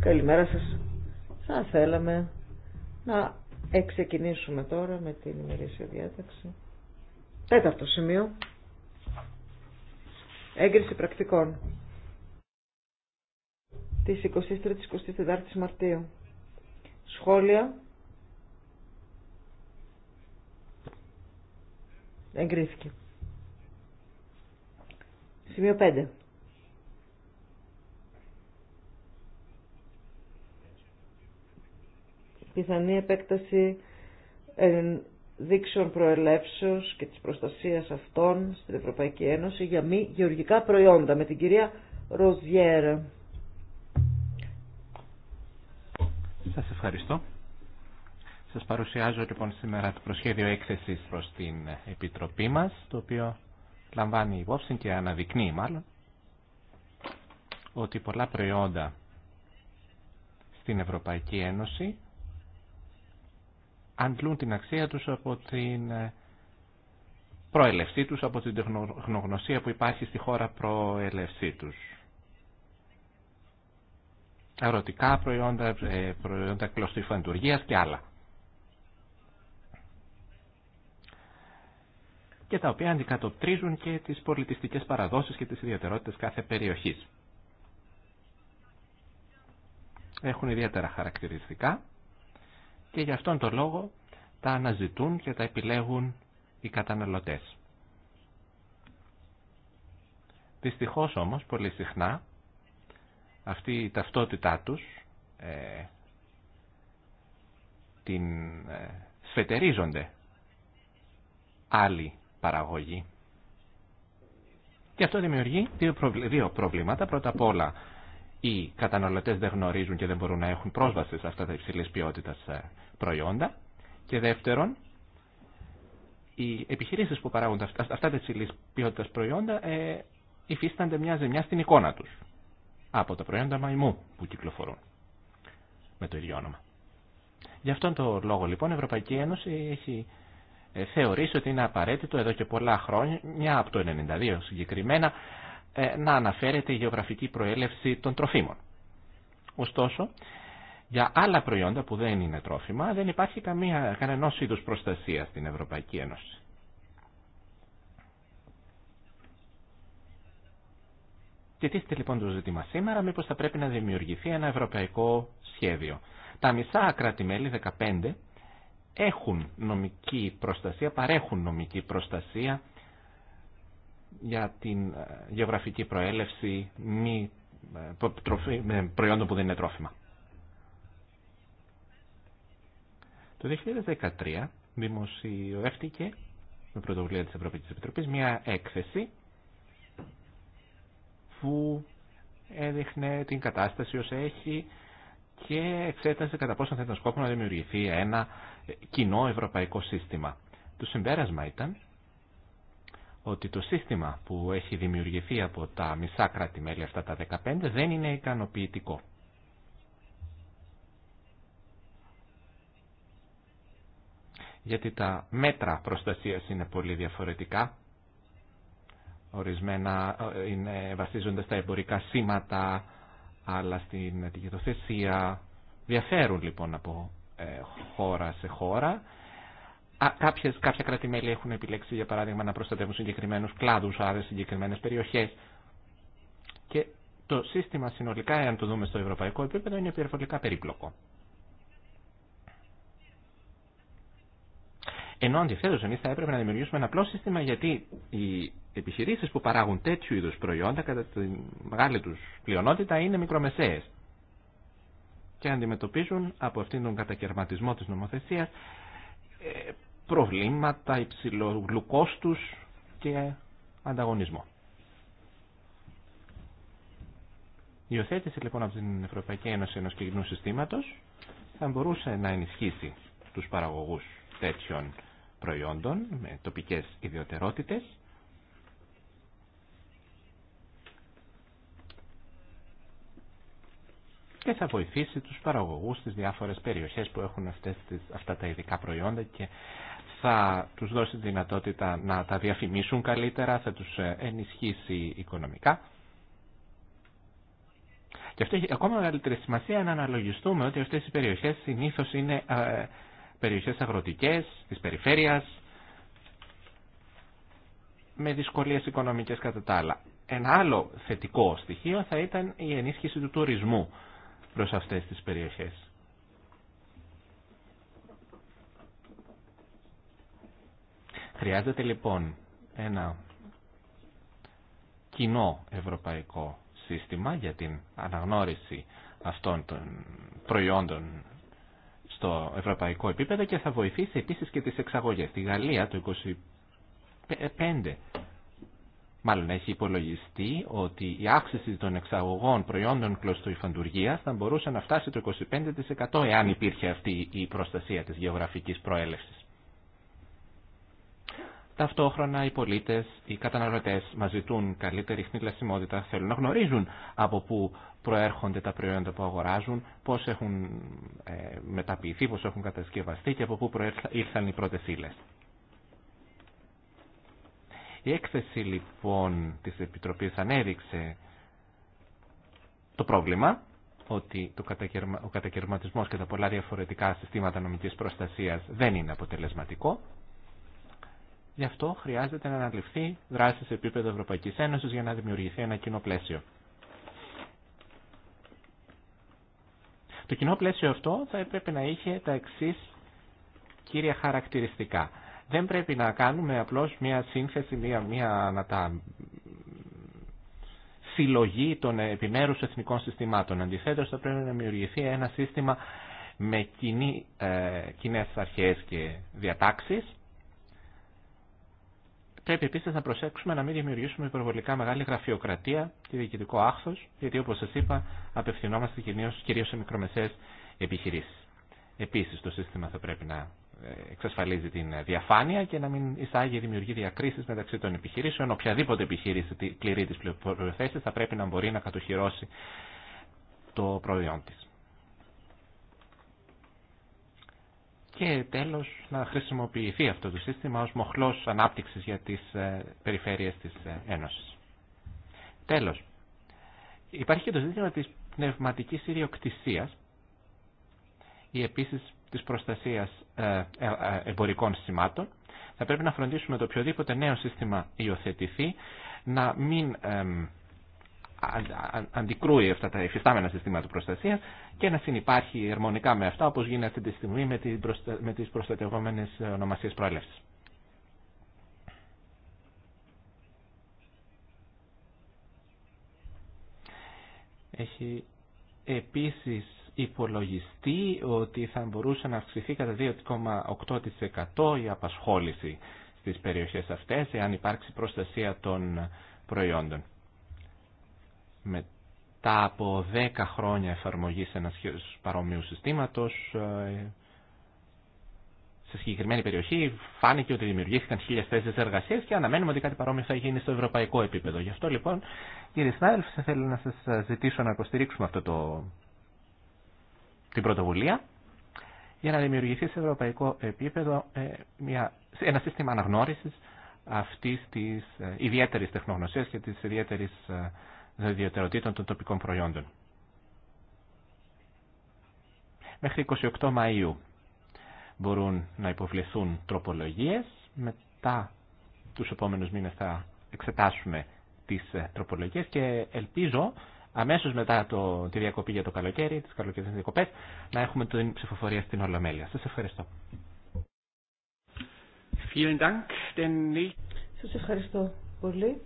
Καλημέρα σας. Θα θέλαμε να εξεκινήσουμε τώρα με την ημερήσια διάταξη. Τέταρτο σημείο. Έγκριση πρακτικών. Της 23ης-24ης Μαρτίου. Σχόλια. Εγκρίθηκε. Σημείο 5. Πιθανή επέκταση δείξεων προελεύσεως και της προστασίας αυτών στην Ευρωπαϊκή Ένωση για μη γεωργικά προϊόντα με την κυρία Ροζιέρ. Σας ευχαριστώ. Σας παρουσιάζω λοιπόν σήμερα το προσχέδιο έκθεσης προς την Επιτροπή μας, το οποίο λαμβάνει υπόψη και αναδεικνύει μάλλον ότι πολλά προϊόντα στην Ευρωπαϊκή Ένωση αντλούν την αξία τους από την ε, προελευσή τους, από την τεχνογνωσία που υπάρχει στη χώρα προελευσή τους. Αρωτικά προϊόντα, ε, προϊόντα κλωστή και άλλα. και τα οποία αντικατοπτρίζουν και τις πολιτιστικές παραδόσεις και τις ιδιαιτερότητες κάθε περιοχής. Έχουν ιδιαίτερα χαρακτηριστικά και γι' αυτόν τον λόγο τα αναζητούν και τα επιλέγουν οι καταναλωτές. Δυστυχώς όμως πολύ συχνά αυτή η ταυτότητά τους ε, την ε, σφετερίζονται άλλοι παραγωγή. Και αυτό δημιουργεί δύο προβλήματα. Πρώτα απ' όλα, οι καταναλωτέ δεν γνωρίζουν και δεν μπορούν να έχουν πρόσβαση σε αυτά τα υψηλή ποιότητα ε, προϊόντα. Και δεύτερον, οι επιχείρησει που παράγουν αυτά τα υψηλή ποιότητα προϊόντα ε, υφίστανται μια ζημιά στην εικόνα τους από τα προϊόντα μαϊμού που κυκλοφορούν με το ίδιο όνομα. Γι' αυτόν τον λόγο λοιπόν η Ευρωπαϊκή Ένωση έχει ε, θεωρήσει ότι είναι απαραίτητο εδώ και πολλά χρόνια, μια από το 1992 συγκεκριμένα, ε, να αναφέρεται η γεωγραφική προέλευση των τροφίμων. Ωστόσο, για άλλα προϊόντα που δεν είναι τρόφιμα δεν υπάρχει καμία, κανένας είδους προστασία στην Ευρωπαϊκή Ένωση. Και τίθεται λοιπόν το ζήτημα σήμερα, μήπως θα πρέπει να δημιουργηθεί ένα ευρωπαϊκό σχέδιο. Τα μισά κράτη-μέλη, 15, έχουν νομική προστασία, παρέχουν νομική προστασία για την ε, γεωγραφική προέλευση μη ε, με προϊόντων που δεν είναι τρόφιμα. Το 2013 δημοσιεύτηκε με πρωτοβουλία της Ευρωπαϊκής Επιτροπής μια έκθεση που έδειχνε την κατάσταση ως έχει και εξέτασε κατά πόσο θα ήταν σκόπο να δημιουργηθεί ένα κοινό ευρωπαϊκό σύστημα. Το συμπέρασμα ήταν ότι το σύστημα που έχει δημιουργηθεί από τα μισά κράτη-μέλη αυτά τα 15 δεν είναι ικανοποιητικό. Γιατί τα μέτρα προστασίας είναι πολύ διαφορετικά. Ορισμένα ε, είναι, βασίζονται στα εμπορικά σήματα, αλλά στην ατυχητοθεσία. Διαφέρουν λοιπόν από ε, χώρα σε χώρα. Α, κάποιες, κάποια κράτη-μέλη έχουν επιλέξει, για παράδειγμα, να προστατεύουν συγκεκριμένους κλάδους, άδες, συγκεκριμένες περιοχές. Και το σύστημα συνολικά, εάν το δούμε στο ευρωπαϊκό επίπεδο, είναι υπερβολικά περίπλοκο. Ενώ αντιθέτω, εμεί θα έπρεπε να δημιουργήσουμε ένα απλό σύστημα γιατί οι επιχειρήσει που παράγουν τέτοιου είδου προϊόντα, κατά τη μεγάλη του πλειονότητα, είναι μικρομεσαίε και αντιμετωπίζουν από αυτήν τον κατακαιρματισμό της νομοθεσίας ε, προβλήματα υψηλού και ανταγωνισμό. Η οθέτηση λοιπόν από την Ευρωπαϊκή Ένωση ενός κοινού συστήματος θα μπορούσε να ενισχύσει τους παραγωγούς τέτοιων προϊόντων με τοπικές ιδιωτερότητες και θα βοηθήσει τους παραγωγούς στις διάφορες περιοχές που έχουν αυτές τις, αυτά τα ειδικά προϊόντα και θα τους δώσει τη δυνατότητα να τα διαφημίσουν καλύτερα, θα τους ε, ενισχύσει οικονομικά. Και αυτό έχει ακόμα μεγαλύτερη σημασία να αναλογιστούμε ότι αυτές οι περιοχές συνήθως είναι ε, περιοχές αγροτικές, της περιφέρειας, με δυσκολίες οικονομικές κατά τα άλλα. Ένα άλλο θετικό στοιχείο θα ήταν η ενίσχυση του τουρισμού προς αυτές τις περιοχές. Χρειάζεται λοιπόν ένα κοινό ευρωπαϊκό σύστημα για την αναγνώριση αυτών των προϊόντων στο ευρωπαϊκό επίπεδο και θα βοηθήσει επίσης και τις εξαγωγές. Στη Γαλλία το 25 Μάλλον έχει υπολογιστεί ότι η αύξηση των εξαγωγών προϊόντων κλωστοϊφαντουργία θα μπορούσε να φτάσει το 25% εάν υπήρχε αυτή η προστασία της γεωγραφικής προέλευσης. Ταυτόχρονα οι πολίτες, οι καταναλωτές μας ζητούν καλύτερη χνηλασιμότητα, θέλουν να γνωρίζουν από πού προέρχονται τα προϊόντα που αγοράζουν, πώς έχουν ε, μεταποιηθεί, πώς έχουν κατασκευαστεί και από πού ήρθαν οι πρώτες ύλες. Η έκθεση λοιπόν της Επιτροπής ανέδειξε το πρόβλημα ότι το ο κατακαιρματισμός και τα πολλά διαφορετικά συστήματα νομικής προστασίας δεν είναι αποτελεσματικό. Γι' αυτό χρειάζεται να αναλυφθεί δράση σε επίπεδο Ευρωπαϊκής Ένωσης για να δημιουργηθεί ένα κοινό πλαίσιο. Το κοινό πλαίσιο αυτό θα έπρεπε να είχε τα εξή κύρια χαρακτηριστικά. Δεν πρέπει να κάνουμε απλώς μια σύνθεση, μια, μια να τα συλλογή των επιμέρους εθνικών συστημάτων. Αντιθέτως θα πρέπει να δημιουργηθεί ένα σύστημα με κοινή, ε, κοινές αρχές και διατάξεις. Πρέπει επίσης να προσέξουμε να μην δημιουργήσουμε υπερβολικά μεγάλη γραφειοκρατία και διοικητικό άχθος, γιατί όπως σας είπα απευθυνόμαστε κυρίως, σε μικρομεσαίες επιχειρήσεις. Επίσης το σύστημα θα πρέπει να εξασφαλίζει την διαφάνεια και να μην εισάγει δημιουργεί διακρίσει μεταξύ των επιχειρήσεων. Οποιαδήποτε επιχείρηση πληρεί τι προϋποθέσεις θα πρέπει να μπορεί να κατοχυρώσει το προϊόν τη. Και τέλος να χρησιμοποιηθεί αυτό το σύστημα ω μοχλός ανάπτυξη για τις ε, περιφέρειες της ε, Ένωσης. Τέλος, υπάρχει και το ζήτημα τη πνευματική ιδιοκτησία. ή επίσης της προστασίας ε, ε, ε, εμπορικών σημάτων. Θα πρέπει να φροντίσουμε το οποιοδήποτε νέο σύστημα υιοθετηθεί να μην αντικρούει αυτά τα υφιστάμενα συστήματα προστασίας και να συνεπάρχει ερμονικά με αυτά όπως γίνεται αυτή τη στιγμή με τις προστατευόμενες ονομασίες προέλευσης. Έχει επίσης υπολογιστεί ότι θα μπορούσε να αυξηθεί κατά 2,8% η απασχόληση στις περιοχές αυτές εάν υπάρξει προστασία των προϊόντων. Μετά από 10 χρόνια εφαρμογής ένας παρόμοιου συστήματος ε, σε συγκεκριμένη περιοχή φάνηκε ότι δημιουργήθηκαν χίλιε θέσει εργασία και αναμένουμε ότι κάτι παρόμοιο θα γίνει στο ευρωπαϊκό επίπεδο. Γι' αυτό λοιπόν, κύριε συνάδελφοι, θα θέλω να σα ζητήσω να υποστηρίξουμε αυτό το την πρωτοβουλία για να δημιουργηθεί σε ευρωπαϊκό επίπεδο ε, μια, ένα σύστημα αναγνώρισης αυτής της ε, ιδιαίτερης τεχνογνωσίας και της ιδιαίτερης ε, ιδιαιτεροτήτων των τοπικών προϊόντων. Μέχρι 28 Μαΐου μπορούν να υποβληθούν τροπολογίες. Μετά τους επόμενους μήνες θα εξετάσουμε τις τροπολογίες και ελπίζω αμέσως μετά το, τη διακοπή για το καλοκαίρι, τις καλοκαιρινές διακοπές, να έχουμε την ψηφοφορία στην Ολομέλεια. Σας ευχαριστώ. Σας ευχαριστώ πολύ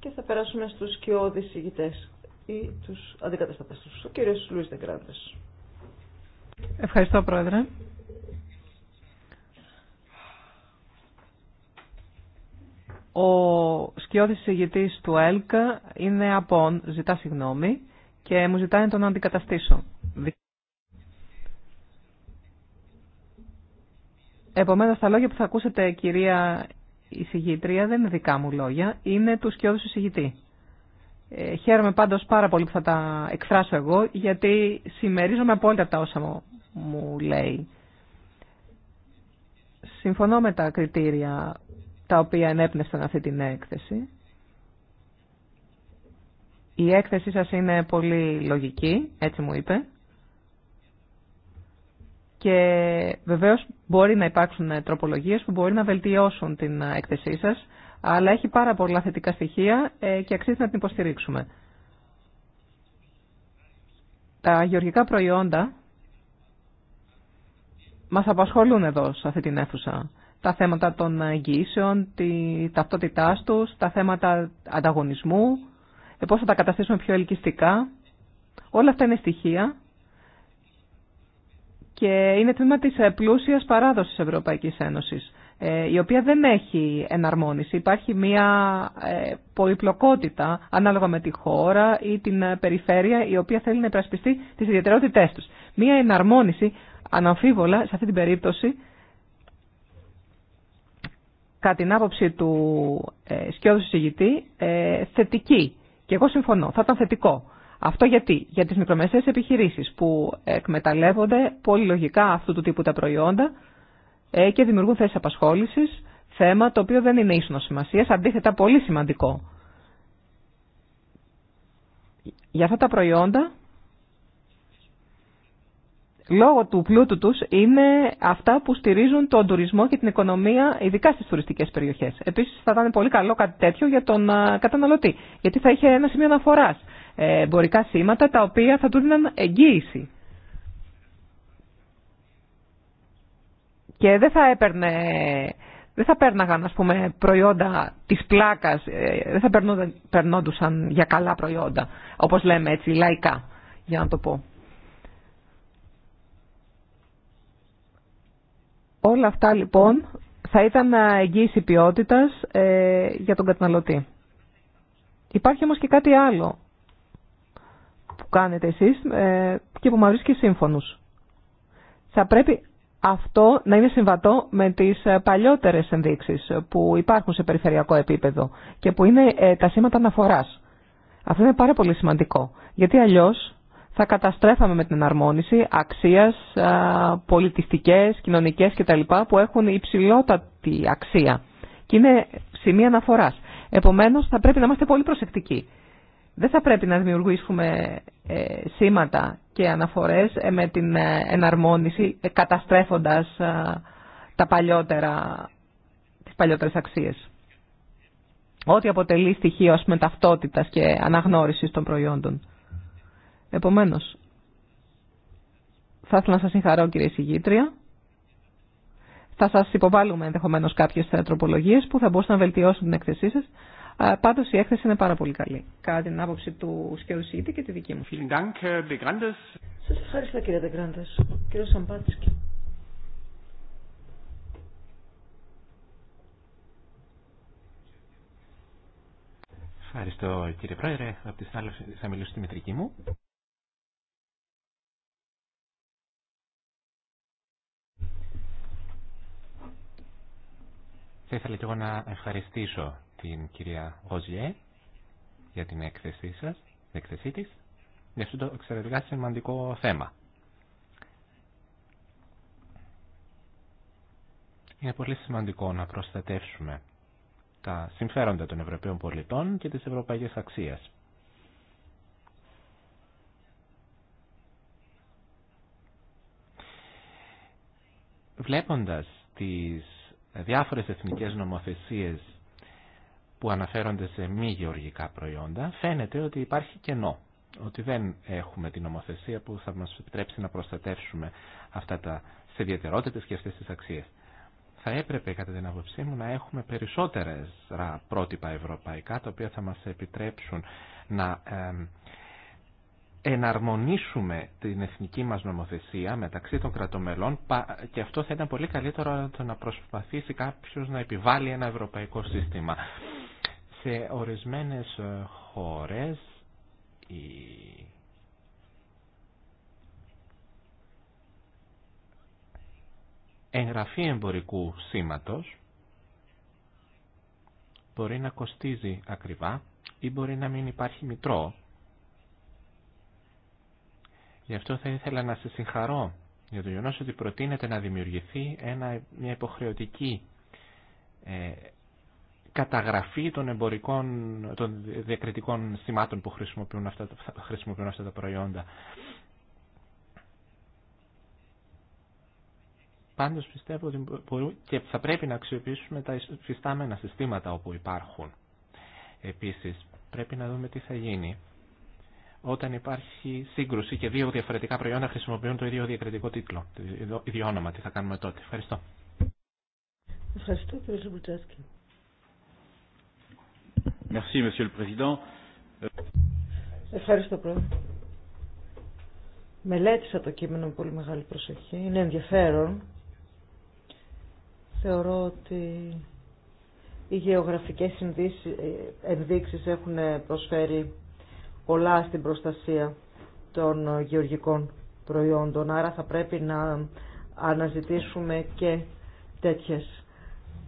και θα περάσουμε στους σκιώδεις ηγητές ή τους αντικαταστατές τους. Ο κύριος Λουίς Δεγκράντες. Ευχαριστώ, Πρόεδρε. Ο σκιώδης ηγητής του ΕΛΚ είναι απόν, ζητά συγγνώμη και μου ζητάει να τον αντικαταστήσω. Επομένως τα λόγια που θα ακούσετε κυρία εισηγήτρια δεν είναι δικά μου λόγια, είναι του σκιώδους εισηγητή. Ε, χαίρομαι πάντως πάρα πολύ που θα τα εκφράσω εγώ, γιατί συμμερίζομαι απόλυτα τα όσα μου, μου λέει. Συμφωνώ με τα κριτήρια τα οποία ενέπνευσαν αυτή την έκθεση. Η έκθεσή σας είναι πολύ λογική, έτσι μου είπε. Και βεβαίως μπορεί να υπάρξουν τροπολογίες που μπορεί να βελτιώσουν την έκθεσή σας, αλλά έχει πάρα πολλά θετικά στοιχεία ε, και αξίζει να την υποστηρίξουμε. Τα γεωργικά προϊόντα μας απασχολούν εδώ, σε αυτή την αίθουσα τα θέματα των εγγυήσεων, τη ταυτότητάς τους, τα θέματα ανταγωνισμού, ε, πώ θα τα καταστήσουμε πιο ελκυστικά. Όλα αυτά είναι στοιχεία και είναι τμήμα της ε, πλούσιας παράδοσης Ευρωπαϊκής Ένωσης, ε, η οποία δεν έχει εναρμόνιση. Υπάρχει μια πολυπλοκότητα ανάλογα με τη χώρα ή την περιφέρεια η οποία θέλει να υπερασπιστεί τι ιδιαιτεροτητε του Μια εναρμόνιση, αναμφίβολα, σε αυτή την περίπτωση, κατά την άποψη του ε, σκιώδου συζητητή, ε, θετική. Και εγώ συμφωνώ, θα ήταν θετικό. Αυτό γιατί, για τις μικρομεσαίες επιχειρήσεις που εκμεταλλεύονται πολύ λογικά αυτού του τύπου τα προϊόντα ε, και δημιουργούν θέσεις απασχόλησης, θέμα το οποίο δεν είναι ίσονος σημασία, αντίθετα πολύ σημαντικό. Για αυτά τα προϊόντα λόγω του πλούτου τους είναι αυτά που στηρίζουν τον τουρισμό και την οικονομία, ειδικά στις τουριστικές περιοχές. Επίσης θα ήταν πολύ καλό κάτι τέτοιο για τον καταναλωτή, γιατί θα είχε ένα σημείο αναφοράς, ε, εμπορικά σήματα τα οποία θα του δίναν εγγύηση. Και δεν θα έπαιρνε... Δεν θα παίρναγαν, ας πούμε, προϊόντα της πλάκας, ε, δεν θα περνόντουσαν για καλά προϊόντα, όπως λέμε έτσι, λαϊκά, για να το πω. Όλα αυτά λοιπόν θα ήταν εγγύηση ποιότητας ε, για τον καταναλωτή. Υπάρχει όμως και κάτι άλλο που κάνετε εσείς ε, και που μας βρίσκει σύμφωνους. Θα πρέπει αυτό να είναι συμβατό με τις παλιότερες ενδείξεις που υπάρχουν σε περιφερειακό επίπεδο και που είναι ε, τα σήματα αναφοράς. Αυτό είναι πάρα πολύ σημαντικό, γιατί αλλιώς θα καταστρέφαμε με την εναρμόνιση αξίας, πολιτιστικές, κοινωνικές κτλ. που έχουν υψηλότατη αξία και είναι σημεία αναφοράς. Επομένως θα πρέπει να είμαστε πολύ προσεκτικοί. Δεν θα πρέπει να δημιουργήσουμε ε, σήματα και αναφορές ε, με την ε, εναρμόνιση καταστρέφοντας τα παλιότερα, τις παλιότερες αξίες. Ό,τι αποτελεί στοιχείο ας και αναγνώρισης των προϊόντων. Επομένως, θα ήθελα να σας συγχαρώ κύριε Συγήτρια. Θα σας υποβάλουμε ενδεχομένως κάποιες ε, τροπολογίες που θα μπορούσαν να βελτιώσουν την έκθεσή σας. Πάντως, η έκθεση είναι πάρα πολύ καλή, κατά την άποψη του Σκεωσίτη και τη δική μου. Σα ευχαριστώ κύριε Δεγκράντε. Κύριο Σαμπάτσικη. Ευχαριστώ κύριε Πρόεδρε. Από τη θα μιλήσω στη μητρική μου. Θα ήθελα και εγώ να ευχαριστήσω την κυρία Οζιέ για την έκθεσή σας, της, για αυτό το εξαιρετικά σημαντικό θέμα. Είναι πολύ σημαντικό να προστατεύσουμε τα συμφέροντα των Ευρωπαίων πολιτών και τις ευρωπαϊκές αξίες. Βλέποντας τις διάφορες εθνικές νομοθεσίες που αναφέρονται σε μη γεωργικά προϊόντα, φαίνεται ότι υπάρχει κενό. Ότι δεν έχουμε την νομοθεσία που θα μας επιτρέψει να προστατεύσουμε αυτά τα ιδιαιτερότητες και αυτές τις αξίες. Θα έπρεπε, κατά την άποψή μου, να έχουμε περισσότερες πρότυπα ευρωπαϊκά, τα οποία θα μας επιτρέψουν να εναρμονίσουμε την εθνική μας νομοθεσία μεταξύ των κρατομελών και αυτό θα ήταν πολύ καλύτερο το να προσπαθήσει κάποιος να επιβάλλει ένα ευρωπαϊκό σύστημα. Σε ορισμένες ε, χώρες η... εγγραφή εμπορικού σήματος μπορεί να κοστίζει ακριβά ή μπορεί να μην υπάρχει μητρό Γι' αυτό θα ήθελα να σε συγχαρώ για το γεγονό ότι προτείνεται να δημιουργηθεί ένα, μια υποχρεωτική ε, καταγραφή των εμπορικών, των διακριτικών σημάτων που χρησιμοποιούν αυτά, τα προϊόντα. Πάντως πιστεύω ότι και θα πρέπει να αξιοποιήσουμε τα φυστάμενα συστήματα όπου υπάρχουν. Επίσης, πρέπει να δούμε τι θα γίνει όταν υπάρχει σύγκρουση και δύο διαφορετικά προϊόντα χρησιμοποιούν το ίδιο διακριτικό τίτλο, το ίδιο όνομα. Τι θα κάνουμε τότε. Ευχαριστώ. Ευχαριστώ κύριε Président. Ευχαριστώ πρόεδρε. Μελέτησα το κείμενο με πολύ μεγάλη προσοχή. Είναι ενδιαφέρον. Θεωρώ ότι οι γεωγραφικές ε, ενδείξεις έχουν προσφέρει πολλά στην προστασία των ε, γεωργικών προϊόντων. Άρα θα πρέπει να αναζητήσουμε και τέτοιες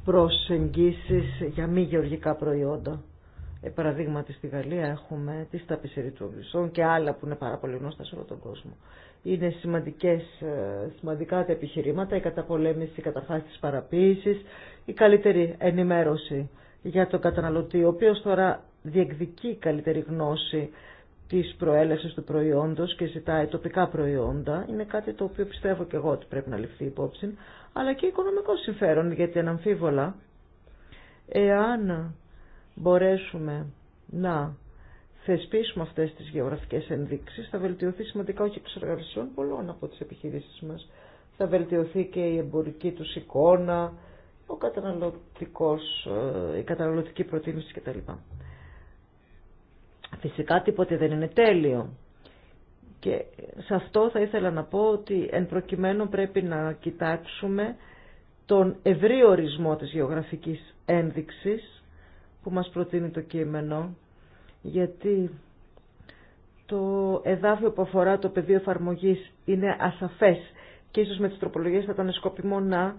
προσεγγίσεις για μη γεωργικά προϊόντα. Ε, παραδείγματι στη Γαλλία έχουμε τη σταπισερή του και άλλα που είναι πάρα πολύ γνώστα σε όλο τον κόσμο. Είναι σημαντικές, ε, σημαντικά τα επιχειρήματα, η καταπολέμηση καταρχάς της παραποίησης, η καλύτερη ενημέρωση για τον καταναλωτή, ο οποίος τώρα διεκδικεί καλύτερη γνώση της προέλευσης του προϊόντος και ζητάει τοπικά προϊόντα είναι κάτι το οποίο πιστεύω και εγώ ότι πρέπει να ληφθεί υπόψη αλλά και οικονομικό συμφέρον γιατί αναμφίβολα εάν μπορέσουμε να θεσπίσουμε αυτές τις γεωγραφικές ενδείξεις θα βελτιωθεί σημαντικά όχι εξεργασιών πολλών από τις επιχειρήσεις μας θα βελτιωθεί και η εμπορική τους εικόνα ο καταναλωτικός, ε, η καταναλωτική προτίμηση κτλ. Φυσικά τίποτε δεν είναι τέλειο. Και σε αυτό θα ήθελα να πω ότι εν προκειμένου πρέπει να κοιτάξουμε τον ευρύ ορισμό της γεωγραφικής ένδειξης που μας προτείνει το κείμενο, γιατί το εδάφιο που αφορά το πεδίο εφαρμογή είναι ασαφές και ίσως με τις τροπολογίες θα ήταν σκόπιμο να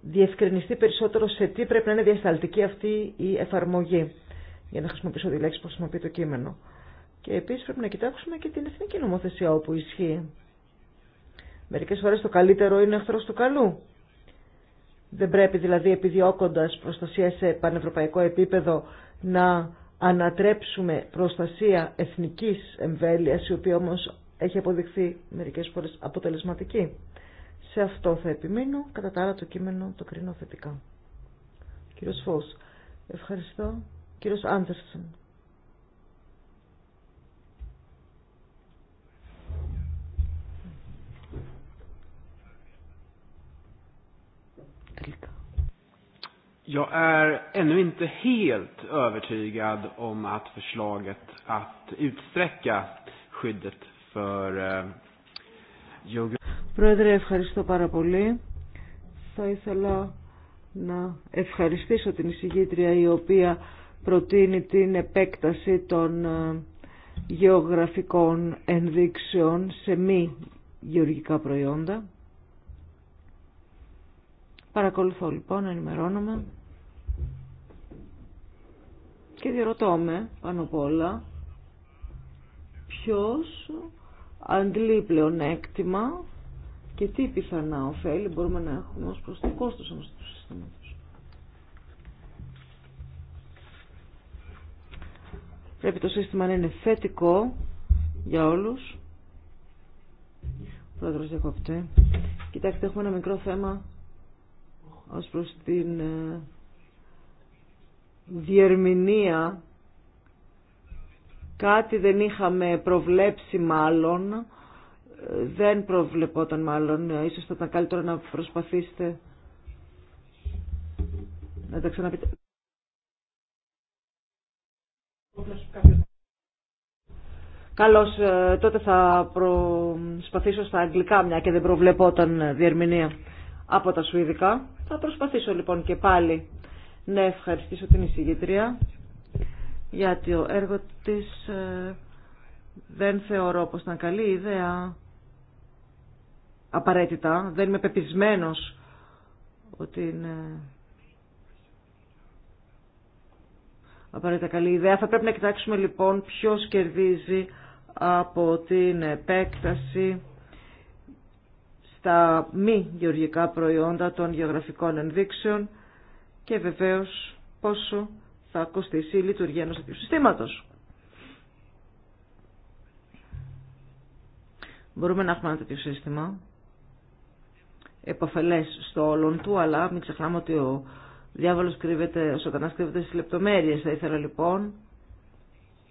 διευκρινιστεί περισσότερο σε τι πρέπει να είναι διασταλτική αυτή η εφαρμογή για να χρησιμοποιήσω τη λέξη που χρησιμοποιεί το κείμενο. Και επίση πρέπει να κοιτάξουμε και την εθνική νομοθεσία όπου ισχύει. Μερικέ φορέ το καλύτερο είναι εχθρό του καλού. Δεν πρέπει δηλαδή επιδιώκοντα προστασία σε πανευρωπαϊκό επίπεδο να ανατρέψουμε προστασία εθνική εμβέλεια, η οποία όμω έχει αποδειχθεί μερικέ φορέ αποτελεσματική. Σε αυτό θα επιμείνω, κατά τα άλλα το κείμενο το κρίνω θετικά. Κύριος Φως, ευχαριστώ. Κύριος Άντερσον. Eh, Πρόεδρε, ευχαριστώ πάρα πολύ. Θα ήθελα να ευχαριστήσω την εισηγήτρια η οποία προτείνει την επέκταση των ε, γεωγραφικών ενδείξεων σε μη γεωργικά προϊόντα. Παρακολουθώ λοιπόν, ενημερώνομαι και διαρωτώ με πάνω απ' όλα ποιος αντλεί πλεονέκτημα και τι πιθανά ωφέλη μπορούμε να έχουμε ως προς το κόστος όμως του συστήματος. Πρέπει το σύστημα να είναι θετικό για όλους. Πρόεδρος Κοιτάξτε, έχουμε ένα μικρό θέμα ως προς την ε, διερμηνία. Κάτι δεν είχαμε προβλέψει μάλλον, ε, δεν προβλεπόταν μάλλον, ε, ίσως θα ήταν καλύτερο να προσπαθήσετε να τα ξαναπείτε. Καλώς, ε, τότε θα προσπαθήσω στα αγγλικά, μια και δεν προβλεπόταν ε, διερμηνία από τα σουηδικά. Θα προσπαθήσω λοιπόν και πάλι να ευχαριστήσω την εισηγητρία γιατί ο έργο της ε, δεν θεωρώ πως ήταν καλή ιδέα απαραίτητα. Δεν είμαι πεπισμένος ότι είναι απαραίτητα καλή ιδέα. Θα πρέπει να κοιτάξουμε λοιπόν ποιος κερδίζει από την επέκταση στα μη γεωργικά προϊόντα των γεωγραφικών ενδείξεων και βεβαίως πόσο θα κοστίσει η λειτουργία ενός τέτοιου συστήματος. Μπορούμε να έχουμε ένα τέτοιο σύστημα επαφελές στο όλον του, αλλά μην ξεχνάμε ότι ο διάβολος κρύβεται, ο σατανάς κρύβεται στις λεπτομέρειες. Θα ήθελα λοιπόν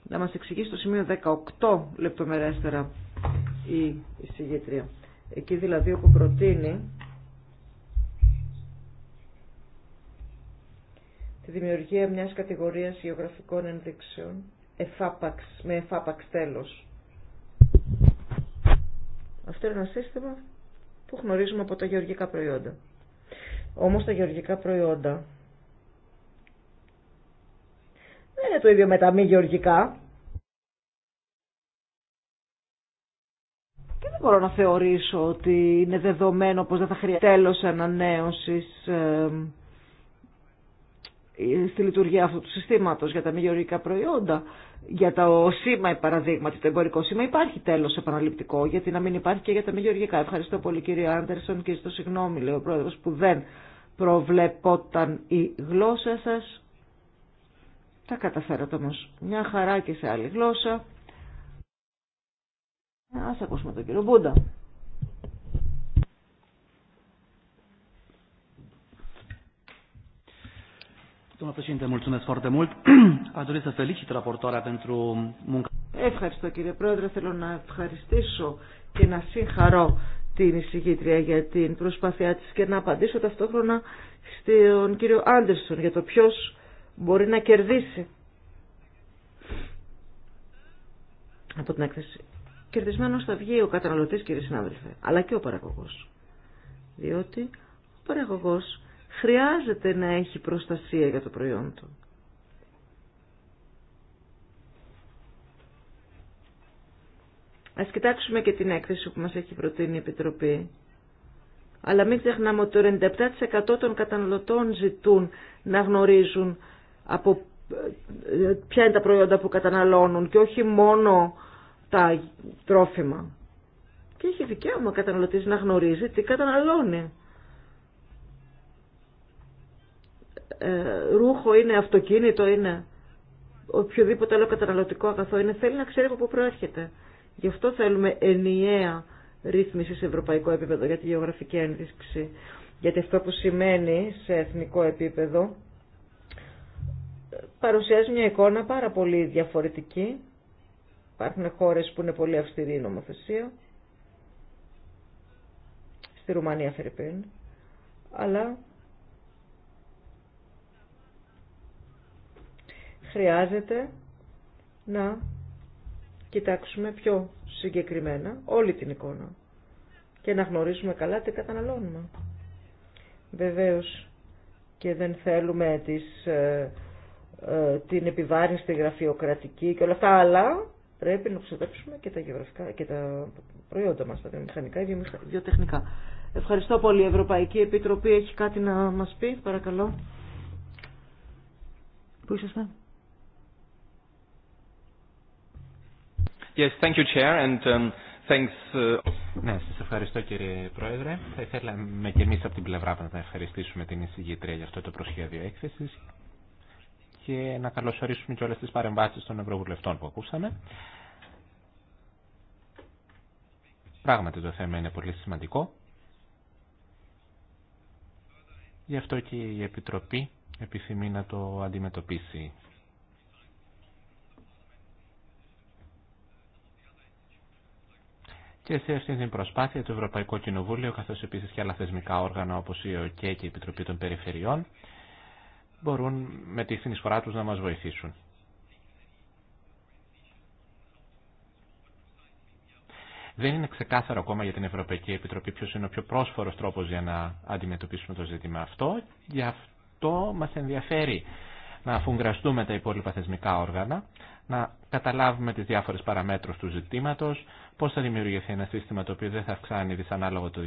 να μας εξηγήσει το σημείο 18 λεπτομερέστερα η συγγετρία. Εκεί δηλαδή όπου προτείνει τη δημιουργία μιας κατηγορίας γεωγραφικών ενδείξεων εφάπαξ, με εφάπαξ τέλος. Αυτό είναι ένα σύστημα που γνωρίζουμε από τα γεωργικά προϊόντα. Όμως τα γεωργικά προϊόντα δεν είναι το ίδιο με τα μη γεωργικά. Και δεν μπορώ να θεωρήσω ότι είναι δεδομένο πως δεν θα χρειάζεται τέλος ανανέωσης ε, στη λειτουργία αυτού του συστήματος για τα μη γεωργικά προϊόντα. Για το σήμα, παραδείγματι, το εμπορικό σήμα υπάρχει τέλος επαναληπτικό, γιατί να μην υπάρχει και για τα μη γεωργικά. Ευχαριστώ πολύ κύριε Άντερσον και στο συγγνώμη, λέει ο πρόεδρος, που δεν προβλεπόταν η γλώσσα σας. Τα καταφέρατε όμως μια χαρά και σε άλλη γλώσσα. Ας ακούσουμε τον κύριο Μπούντα. Ευχαριστώ κύριε Πρόεδρε. Θέλω να ευχαριστήσω και να συγχαρώ την εισηγήτρια για την προσπάθειά της και να απαντήσω ταυτόχρονα στον κύριο Άντερσον για το ποιος μπορεί να κερδίσει από την έκθεση. Κερδισμένος θα βγει ο καταναλωτής κύριε συνάδελφε, αλλά και ο παραγωγός. Διότι ο παραγωγός χρειάζεται να έχει προστασία για το προϊόν του. Ας κοιτάξουμε και την έκθεση που μας έχει προτείνει η Επιτροπή. Αλλά μην ξεχνάμε ότι το 97% των καταναλωτών ζητούν να γνωρίζουν από ε, ποια είναι τα προϊόντα που καταναλώνουν και όχι μόνο τα τρόφιμα. Και έχει δικαίωμα καταναλωτής να γνωρίζει τι καταναλώνει. Ε, ρούχο είναι, αυτοκίνητο είναι, οποιοδήποτε άλλο καταναλωτικό αγαθό είναι, θέλει να ξέρει από πού προέρχεται. Γι' αυτό θέλουμε ενιαία ρύθμιση σε ευρωπαϊκό επίπεδο για τη γεωγραφική ένδειξη. Γιατί αυτό που σημαίνει σε εθνικό επίπεδο παρουσιάζει μια εικόνα πάρα πολύ διαφορετική. Υπάρχουν χώρες που είναι πολύ αυστηρή η νομοθεσία. Στη Ρουμανία Φερρυπίν. Αλλά χρειάζεται να κοιτάξουμε πιο συγκεκριμένα όλη την εικόνα και να γνωρίσουμε καλά τι καταναλώνουμε. Βεβαίως και δεν θέλουμε τις ε, ε, την επιβάρυνση, τη γραφειοκρατική και όλα αυτά, αλλά πρέπει να ξεδέψουμε και τα, και τα προϊόντα μας, τα βιομηχανικά ή βιοτεχνικά. Ευχαριστώ πολύ. Η Ευρωπαϊκή Επιτροπή έχει κάτι να μας πει, παρακαλώ. Πού είσαστε? Yes, thank you, Chair, and um, thanks. Uh, ναι, σας ευχαριστώ κύριε Πρόεδρε. Θα με και εμείς από την πλευρά να ευχαριστήσουμε την εισηγήτρια για αυτό το προσχέδιο έκθεσης και να καλωσορίσουμε και όλες τις παρεμβάσεις των Ευρωβουλευτών που ακούσαμε. Πράγματι το θέμα είναι πολύ σημαντικό. Γι' αυτό και η Επιτροπή επιθυμεί να το αντιμετωπίσει. Και σε αυτή την προσπάθεια το Ευρωπαϊκό Κοινοβούλιο, καθώς επίσης και άλλα θεσμικά όργανα όπως η ΟΚΕ και η Επιτροπή των Περιφερειών, μπορούν με τη συνεισφορά τους να μας βοηθήσουν. Δεν είναι ξεκάθαρο ακόμα για την Ευρωπαϊκή Επιτροπή ποιος είναι ο πιο πρόσφορος τρόπος για να αντιμετωπίσουμε το ζήτημα αυτό. Γι' αυτό μας ενδιαφέρει να αφουγκραστούμε τα υπόλοιπα θεσμικά όργανα, να καταλάβουμε τις διάφορες παραμέτρους του ζητήματος, πώς θα δημιουργηθεί ένα σύστημα το οποίο δεν θα αυξάνει δυσανάλογο το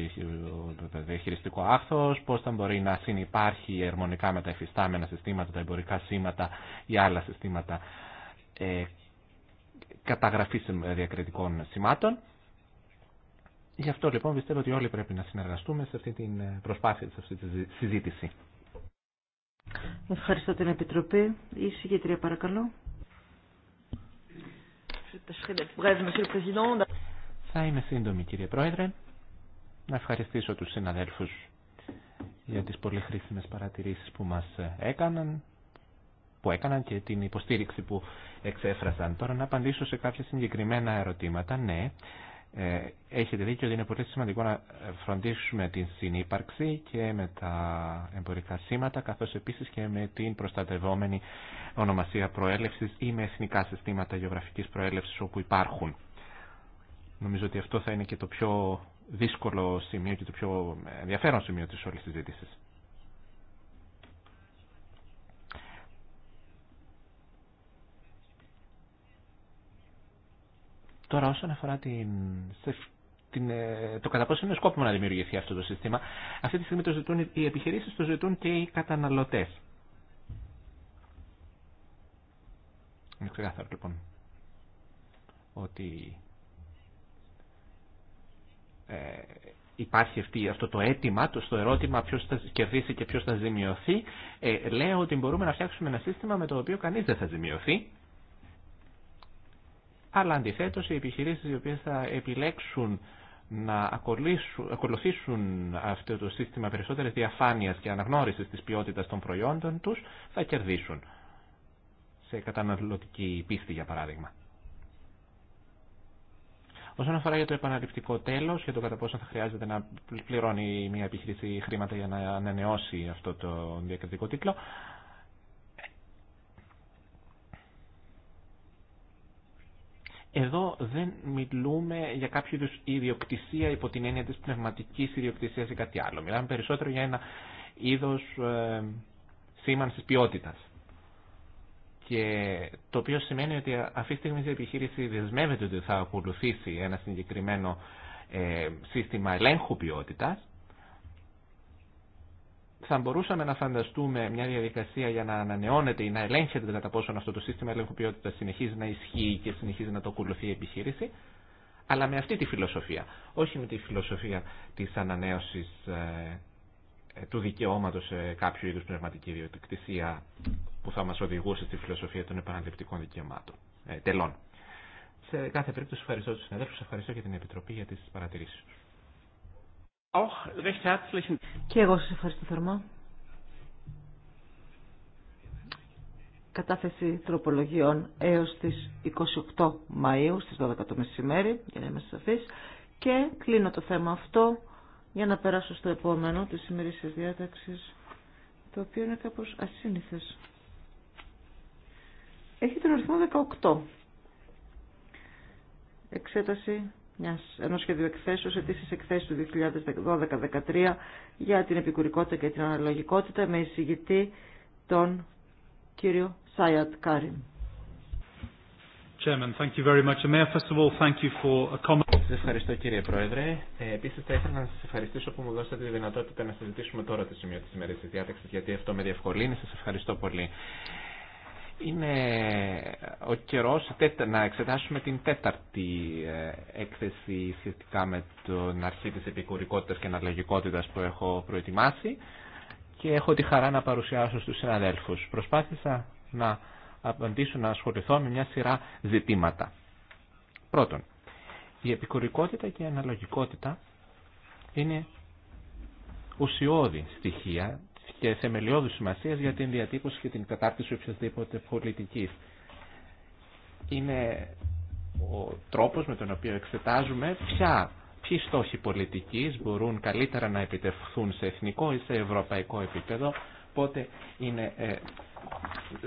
διαχειριστικό άχθος, πώς θα μπορεί να συνεπάρχει ερμονικά με τα εφιστάμενα συστήματα, τα εμπορικά σήματα ή άλλα συστήματα ε, καταγραφής διακριτικών σημάτων. Γι' αυτό λοιπόν πιστεύω ότι όλοι πρέπει να συνεργαστούμε σε αυτή την ε, προσπάθεια, σε αυτή τη συζήτηση. Ευχαριστώ την Επιτροπή. Η συγκεκριά παρακαλώ. Θα είμαι σύντομη κύριε Πρόεδρε. Να ευχαριστήσω τους συναδέλφους για τις πολύ χρήσιμες παρατηρήσεις που μας έκαναν που έκαναν και την υποστήριξη που εξέφρασαν. Τώρα να απαντήσω σε κάποια συγκεκριμένα ερωτήματα. Ναι, ε, έχετε δίκιο ότι είναι πολύ σημαντικό να φροντίσουμε την συνύπαρξη και με τα εμπορικά σήματα, καθώς επίσης και με την προστατευόμενη ονομασία προέλευσης ή με εθνικά συστήματα γεωγραφικής προέλευσης όπου υπάρχουν. Νομίζω ότι αυτό θα είναι και το πιο δύσκολο σημείο και το πιο ενδιαφέρον σημείο της όλης της Τώρα όσον αφορά την, την, ε, το κατά πόσο είναι σκόπιμο να δημιουργηθεί αυτό το σύστημα, αυτή τη στιγμή το ζητούν οι επιχειρήσεις, το ζητούν και οι καταναλωτές. Είναι ξεκάθαρο λοιπόν ότι ε, υπάρχει αυτή, αυτό το αίτημα, το στο ερώτημα ποιος θα κερδίσει και ποιος θα ζημιωθεί, ε, λέω ότι μπορούμε να φτιάξουμε ένα σύστημα με το οποίο κανείς δεν θα ζημιωθεί αλλά αντιθέτως οι επιχειρήσεις οι οποίες θα επιλέξουν να ακολουθήσουν αυτό το σύστημα περισσότερη διαφάνεια και αναγνώριση της ποιότητας των προϊόντων τους θα κερδίσουν σε καταναλωτική πίστη για παράδειγμα. Όσον αφορά για το επαναληπτικό τέλο, και το κατά πόσο θα χρειάζεται να πληρώνει μια επιχείρηση χρήματα για να ανανεώσει αυτό το διακριτικό τίτλο, Εδώ δεν μιλούμε για κάποιο είδου ιδιοκτησία υπό την έννοια τη πνευματική ιδιοκτησία ή κάτι άλλο. Μιλάμε περισσότερο για ένα είδο ε, σήμανση ποιότητα. Και το οποίο σημαίνει ότι αυτή τη στιγμή η επιχείρηση δεσμεύεται ότι θα ακολουθήσει ένα συγκεκριμένο ε, σύστημα ελέγχου ποιότητας θα μπορούσαμε να φανταστούμε μια διαδικασία για να ανανεώνεται ή να ελέγχεται κατά δηλαδή πόσο αυτό το σύστημα ελέγχου ποιότητα συνεχίζει να ισχύει και συνεχίζει να το ακολουθεί η επιχείρηση, αλλά με αυτή τη φιλοσοφία. Όχι με τη φιλοσοφία τη ανανέωση ε, ε, του δικαιώματο σε κάποιο είδου πνευματική ιδιοκτησία που θα μα οδηγούσε στη φιλοσοφία των επαναληπτικών δικαιωμάτων. Ε, τελών. Σε κάθε περίπτωση, ευχαριστώ του συναδέλφου, ευχαριστώ και την Επιτροπή για τι παρατηρήσει και εγώ σας ευχαριστώ θερμά. Κατάθεση τροπολογιών έως τις 28 Μαΐου στις 12 το μεσημέρι, για να είμαστε σαφείς. Και κλείνω το θέμα αυτό για να περάσω στο επόμενο της σημερινής διάταξης, το οποίο είναι κάπως ασύνηθες. Έχει τον αριθμό 18. Εξέταση μιας, ενός σχεδίου εκθέσεως, ετήσεις εκθέσεις του 2012-2013 για την επικουρικότητα και την αναλογικότητα με εισηγητή τον κύριο Σάιατ Κάριν. Σας ευχαριστώ κύριε Πρόεδρε. Ε, επίσης θα ήθελα να σας ευχαριστήσω που μου δώσατε τη δυνατότητα να συζητήσουμε τώρα το σημείο της ημέρας της διάταξης γιατί αυτό με διευκολύνει. Σας ευχαριστώ πολύ. Είναι ο καιρός να εξετάσουμε την τέταρτη ε, έκθεση σχετικά με τον αρχή της επικουρικότητας και αναλογικότητας που έχω προετοιμάσει και έχω τη χαρά να παρουσιάσω στους συναδέλφους. Προσπάθησα να απαντήσω να ασχοληθώ με μια σειρά ζητήματα. Πρώτον, η επικουρικότητα και η αναλογικότητα είναι ουσιώδη στοιχεία και θεμελιώδους σημασία για την διατύπωση και την κατάρτιση οποιασδήποτε πολιτική. Είναι ο τρόπος με τον οποίο εξετάζουμε ποια, ποιοι στόχοι πολιτικής μπορούν καλύτερα να επιτευχθούν σε εθνικό ή σε ευρωπαϊκό επίπεδο, πότε είναι ε,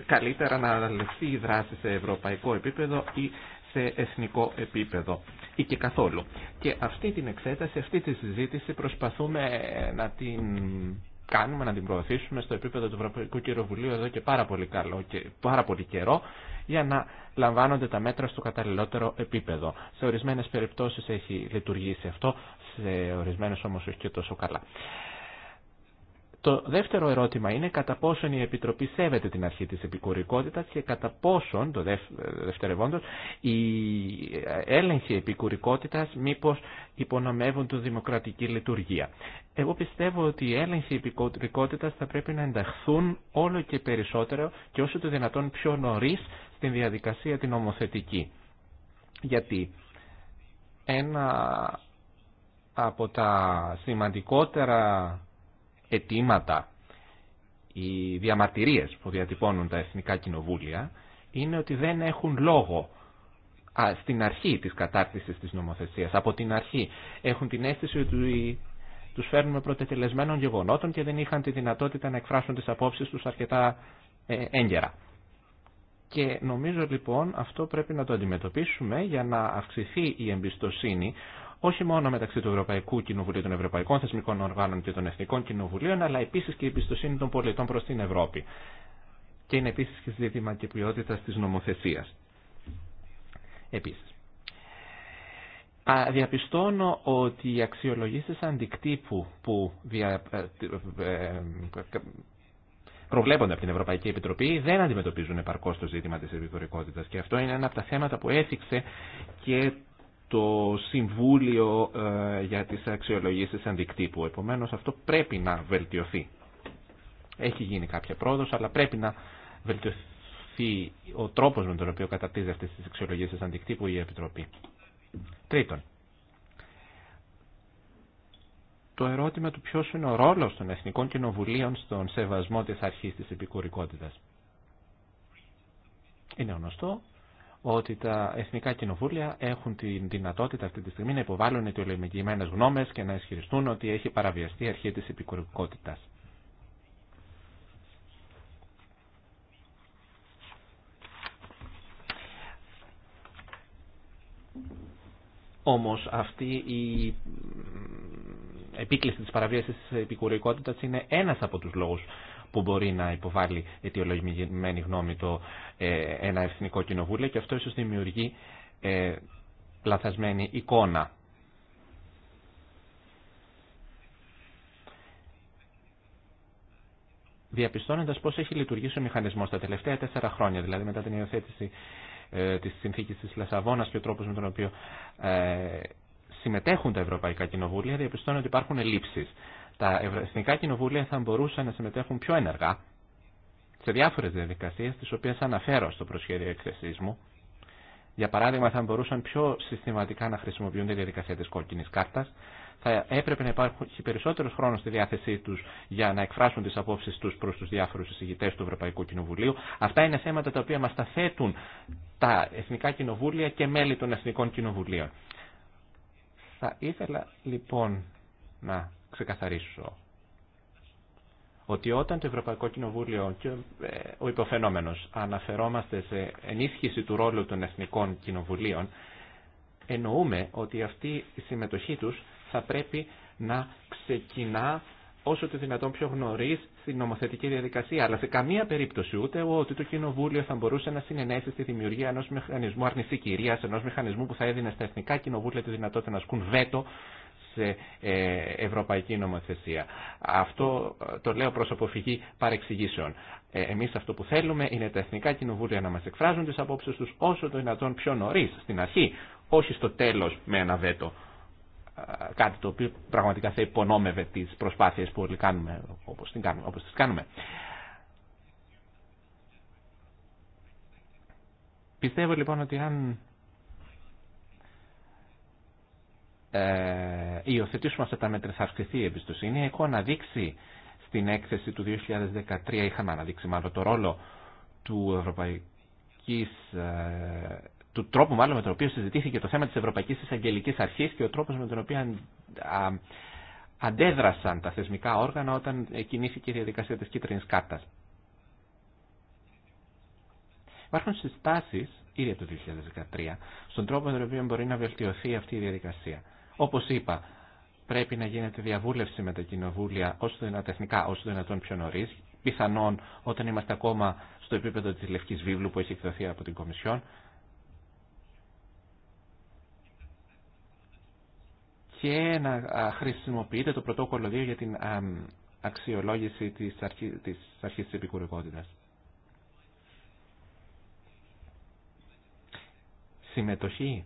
καλύτερα να αναλυφθεί η δράση σε ευρωπαϊκό καλυτερα να ή σε εθνικό επίπεδο ή και καθόλου. Και αυτή την εξέταση, αυτή τη συζήτηση προσπαθούμε ε, να την κάνουμε να την προωθήσουμε στο επίπεδο του Ευρωπαϊκού Κοινοβουλίου εδώ και πάρα πολύ, καλό και πάρα πολύ καιρό για να λαμβάνονται τα μέτρα στο καταλληλότερο επίπεδο. Σε ορισμένες περιπτώσεις έχει λειτουργήσει αυτό, σε ορισμένες όμως όχι και τόσο καλά. Το δεύτερο ερώτημα είναι κατά πόσον η Επιτροπή σέβεται την αρχή της επικουρικότητας και κατά πόσον, το δευτερευόντος, η έλεγχη επικουρικότητας μήπως υπονομεύουν τη δημοκρατική λειτουργία. Εγώ πιστεύω ότι οι έλεγχοι επικουρικότητας θα πρέπει να ενταχθούν όλο και περισσότερο και όσο το δυνατόν πιο νωρί στην διαδικασία την ομοθετική. Γιατί ένα από τα σημαντικότερα αιτήματα, οι διαμαρτυρίες που διατυπώνουν τα εθνικά κοινοβούλια είναι ότι δεν έχουν λόγο στην αρχή της κατάρτισης της νομοθεσίας. Από την αρχή έχουν την αίσθηση ότι τους φέρνουμε πρωτετελεσμένων γεγονότων και δεν είχαν τη δυνατότητα να εκφράσουν τις απόψεις τους αρκετά ε, έγκαιρα. Και νομίζω λοιπόν αυτό πρέπει να το αντιμετωπίσουμε για να αυξηθεί η εμπιστοσύνη όχι μόνο μεταξύ του Ευρωπαϊκού Κοινοβουλίου, των Ευρωπαϊκών Θεσμικών Οργάνων και των Εθνικών Κοινοβουλίων, αλλά επίση και η εμπιστοσύνη των πολιτών προ την Ευρώπη. Και είναι επίση και ζήτημα και ποιότητα τη νομοθεσία. Επίση. Διαπιστώνω ότι οι αξιολογήσει αντικτύπου που δια... Ε, ε, ε, προβλέπονται από την Ευρωπαϊκή Επιτροπή δεν αντιμετωπίζουν επαρκώς το ζήτημα τη επιθωρικότητας και αυτό είναι ένα από τα θέματα που έθιξε και το Συμβούλιο ε, για τις αξιολογήσεις αντικτύπου. Επομένως αυτό πρέπει να βελτιωθεί. Έχει γίνει κάποια πρόοδος, αλλά πρέπει να βελτιωθεί ο τρόπος με τον οποίο κατατίζει αυτές τις αξιολογήσεις αντικτύπου η Επιτροπή. Τρίτον, το ερώτημα του ποιος είναι ο ρόλος των Εθνικών Κοινοβουλίων στον σεβασμό της αρχής της επικουρικότητας. Είναι γνωστό ότι τα εθνικά κοινοβούλια έχουν τη δυνατότητα αυτή τη στιγμή να υποβάλουν γνώμες και να ισχυριστούν ότι έχει παραβιαστεί η αρχή της επικουρικότητας. Όμως αυτή η επίκληση της παραβίασης της επικουρικότητας είναι ένας από τους λόγους που μπορεί να υποβάλει αιτιολογημένη γνώμη το ε, ένα εθνικό κοινοβούλιο και αυτό ίσως δημιουργεί ε, λαθασμένη εικόνα. Διαπιστώνοντας πώς έχει λειτουργήσει ο μηχανισμός τα τελευταία τέσσερα χρόνια, δηλαδή μετά την υιοθέτηση ε, της συνθήκης της Λασαβόνας και ο τρόπος με τον οποίο συμμετέχουν τα Ευρωπαϊκά Κοινοβούλια, διαπιστώνω ότι υπάρχουν ελλείψεις τα εθνικά κοινοβούλια θα μπορούσαν να συμμετέχουν πιο ενεργά σε διάφορε διαδικασίε, τι οποίε αναφέρω στο προσχέδιο εκθεσή μου. Για παράδειγμα, θα μπορούσαν πιο συστηματικά να χρησιμοποιούν τη διαδικασία τη κόκκινη κάρτα. Θα έπρεπε να υπάρχει περισσότερο χρόνο στη διάθεσή του για να εκφράσουν τι απόψει του προ του διάφορου εισηγητέ του Ευρωπαϊκού Κοινοβουλίου. Αυτά είναι θέματα τα οποία μα τα θέτουν τα εθνικά κοινοβούλια και μέλη των εθνικών κοινοβουλίων. Θα ήθελα λοιπόν να ξεκαθαρίσω ότι όταν το Ευρωπαϊκό Κοινοβούλιο και ε, ο υποφαινόμενος αναφερόμαστε σε ενίσχυση του ρόλου των εθνικών κοινοβουλίων, εννοούμε ότι αυτή η συμμετοχή τους θα πρέπει να ξεκινά όσο το δυνατόν πιο γνωρίς στην νομοθετική διαδικασία. Αλλά σε καμία περίπτωση ούτε ότι το Κοινοβούλιο θα μπορούσε να συνενέσει στη δημιουργία ενό μηχανισμού αρνησικηρίας, κυρία, ενό μηχανισμού που θα έδινε στα εθνικά κοινοβούλια τη δυνατότητα να ασκούν βέτο σε ε, ευρωπαϊκή νομοθεσία. Αυτό ε, το λέω προς αποφυγή παρεξηγήσεων. Ε, εμείς αυτό που θέλουμε είναι τα εθνικά κοινοβούλια να μας εκφράζουν τις απόψεις τους όσο το δυνατόν πιο νωρίς, στην αρχή, όχι στο τέλος με ένα βέτο. Κάτι το οποίο πραγματικά θα υπονόμευε τις προσπάθειες που όλοι κάνουμε όπως, την κάνουμε, όπως τις κάνουμε. Πιστεύω λοιπόν ότι αν ε, υιοθετήσουμε αυτά τα μέτρα θα αυξηθεί η εμπιστοσύνη. Έχω αναδείξει στην έκθεση του 2013, είχαμε αναδείξει μάλλον το ρόλο του Ευρωπαϊκής, ε, του τρόπου μάλλον με τον οποίο συζητήθηκε το θέμα της Ευρωπαϊκής Εισαγγελικής Αρχής και ο τρόπος με τον οποίο αντέδρασαν τα θεσμικά όργανα όταν κινήθηκε η διαδικασία της κίτρινης κάρτας. Υπάρχουν συστάσεις, ήδη το 2013, στον τρόπο με τον οποίο μπορεί να βελτιωθεί αυτή η διαδικασία. Όπως είπα, πρέπει να γίνεται διαβούλευση με τα κοινοβούλια όσο το δυνατόν τεχνικά, όσο το δυνατόν πιο νωρί. Πιθανόν όταν είμαστε ακόμα στο επίπεδο της Λευκής Βίβλου που έχει εκδοθεί από την Κομισιόν. Και να χρησιμοποιείτε το πρωτόκολλο 2 για την αξιολόγηση της, αρχή, της αρχής της επικουρικότητας. Συμμετοχή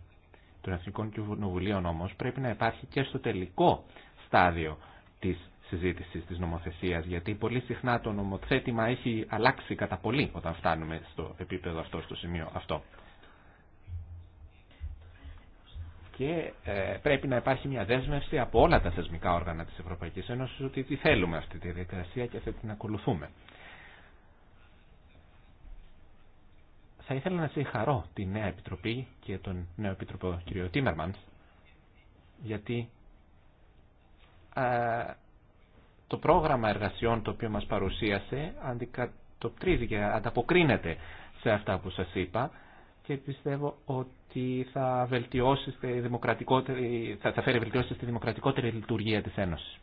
των Εθνικών Κοινοβουλίων όμω πρέπει να υπάρχει και στο τελικό στάδιο της συζήτησης της νομοθεσίας, γιατί πολύ συχνά το νομοθέτημα έχει αλλάξει κατά πολύ όταν φτάνουμε στο επίπεδο αυτό, στο σημείο αυτό. Και ε, πρέπει να υπάρχει μια δέσμευση από όλα τα θεσμικά όργανα της Ευρωπαϊκής Ένωση ότι τη θέλουμε αυτή τη διαδικασία και θα την ακολουθούμε. Θα ήθελα να συγχαρώ τη νέα Επιτροπή και τον νέο Επιτροπό κ. Τίμερμαντ γιατί το πρόγραμμα εργασιών το οποίο μας παρουσίασε αντικατοπτρίζει και ανταποκρίνεται σε αυτά που σας είπα και πιστεύω ότι θα, βελτιώσει, θα, θα φέρει βελτιώσει στη δημοκρατικότερη λειτουργία της Ένωσης.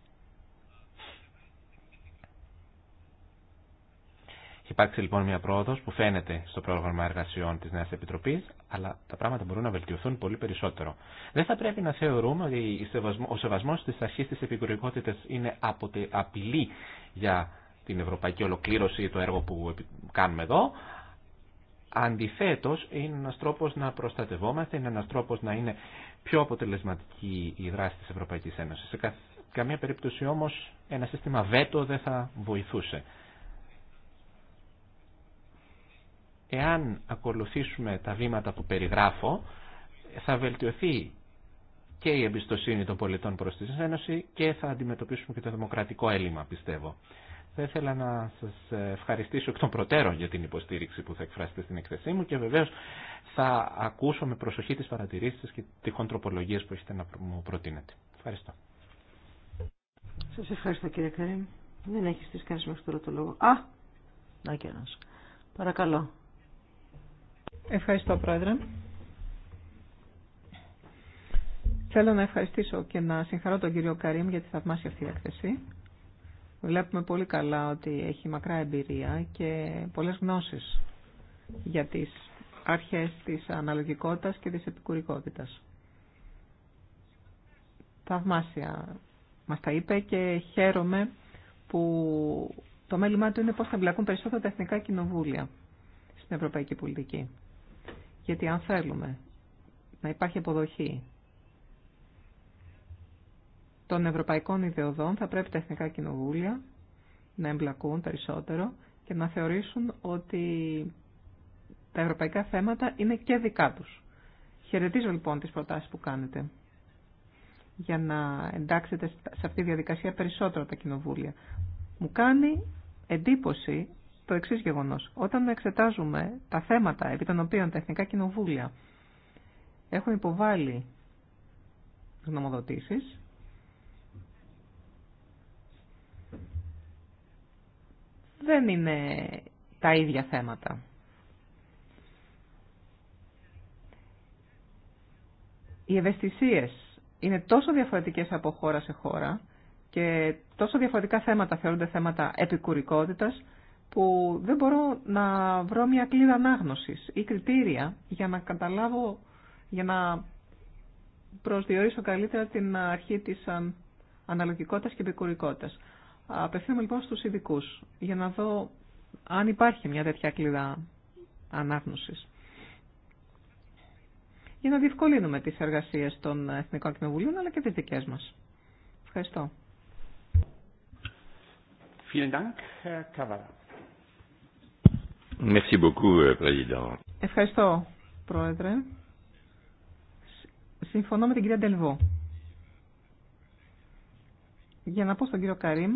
υπάρξει λοιπόν μια πρόοδο που φαίνεται στο πρόγραμμα εργασιών τη Νέα επιτροπή, αλλά τα πράγματα μπορούν να βελτιωθούν πολύ περισσότερο. Δεν θα πρέπει να θεωρούμε ότι ο σεβασμό τη αρχής της επικουρικότητα είναι αποτε απειλή για την ευρωπαϊκή ολοκλήρωση, το έργο που κάνουμε εδώ. αντιθετω είναι ενα τροπο να προστατευόμαστε, είναι ενα τροπο να είναι πιο αποτελεσματική η δράση τη Ευρωπαϊκή Ένωση. Σε καμία περίπτωση όμω ένα σύστημα βέτο δεν θα βοηθούσε. εάν ακολουθήσουμε τα βήματα που περιγράφω, θα βελτιωθεί και η εμπιστοσύνη των πολιτών προς τη Ένωση και θα αντιμετωπίσουμε και το δημοκρατικό έλλειμμα, πιστεύω. Θα ήθελα να σας ευχαριστήσω εκ των προτέρων για την υποστήριξη που θα εκφράσετε στην εκθεσή μου και βεβαίως θα ακούσω με προσοχή τις παρατηρήσεις και τυχόν τροπολογίες που έχετε να μου προτείνετε. Ευχαριστώ. Σας ευχαριστώ κύριε Καρέμ. Δεν έχει τις κάνεις μέχρι τώρα το λόγο. Α, να και ένας. Παρακαλώ. Ευχαριστώ, Πρόεδρε. Θέλω να ευχαριστήσω και να συγχαρώ τον κύριο Καρύμ για τη θαυμάσια αυτή έκθεση. Βλέπουμε πολύ καλά ότι έχει μακρά εμπειρία και πολλές γνώσεις για τις αρχές της αναλογικότητας και της επικουρικότητας. Θαυμάσια μας τα είπε και χαίρομαι που το μέλημά του είναι πώς θα εμπλακούν περισσότερο τα εθνικά κοινοβούλια στην ευρωπαϊκή πολιτική. Γιατί αν θέλουμε να υπάρχει αποδοχή των ευρωπαϊκών ιδεοδών, θα πρέπει τα εθνικά κοινοβούλια να εμπλακούν περισσότερο και να θεωρήσουν ότι τα ευρωπαϊκά θέματα είναι και δικά τους. Χαιρετίζω λοιπόν τις προτάσεις που κάνετε για να εντάξετε σε αυτή τη διαδικασία περισσότερο τα κοινοβούλια. Μου κάνει εντύπωση το εξή γεγονό. Όταν εξετάζουμε τα θέματα επί των οποίων τα εθνικά κοινοβούλια έχουν υποβάλει γνωμοδοτήσει, δεν είναι τα ίδια θέματα. Οι ευαισθησίες είναι τόσο διαφορετικές από χώρα σε χώρα και τόσο διαφορετικά θέματα θεωρούνται θέματα επικουρικότητας που δεν μπορώ να βρω μια κλίδα ανάγνωσης ή κριτήρια για να καταλάβω, για να προσδιορίσω καλύτερα την αρχή της αναλογικότητας και επικουρικότητας. Απευθύνομαι λοιπόν στους ειδικού για να δω αν υπάρχει μια τέτοια κλίδα ανάγνωσης. Για να διευκολύνουμε τις εργασίες των Εθνικών Κοινοβουλίων αλλά και τις δικές μας. Ευχαριστώ. Vielen Dank, Merci beaucoup, euh, Président. Ευχαριστώ, Πρόεδρε. Συμφωνώ με την κυρία Ντελβό. Για να πω στον κύριο Καρίμ,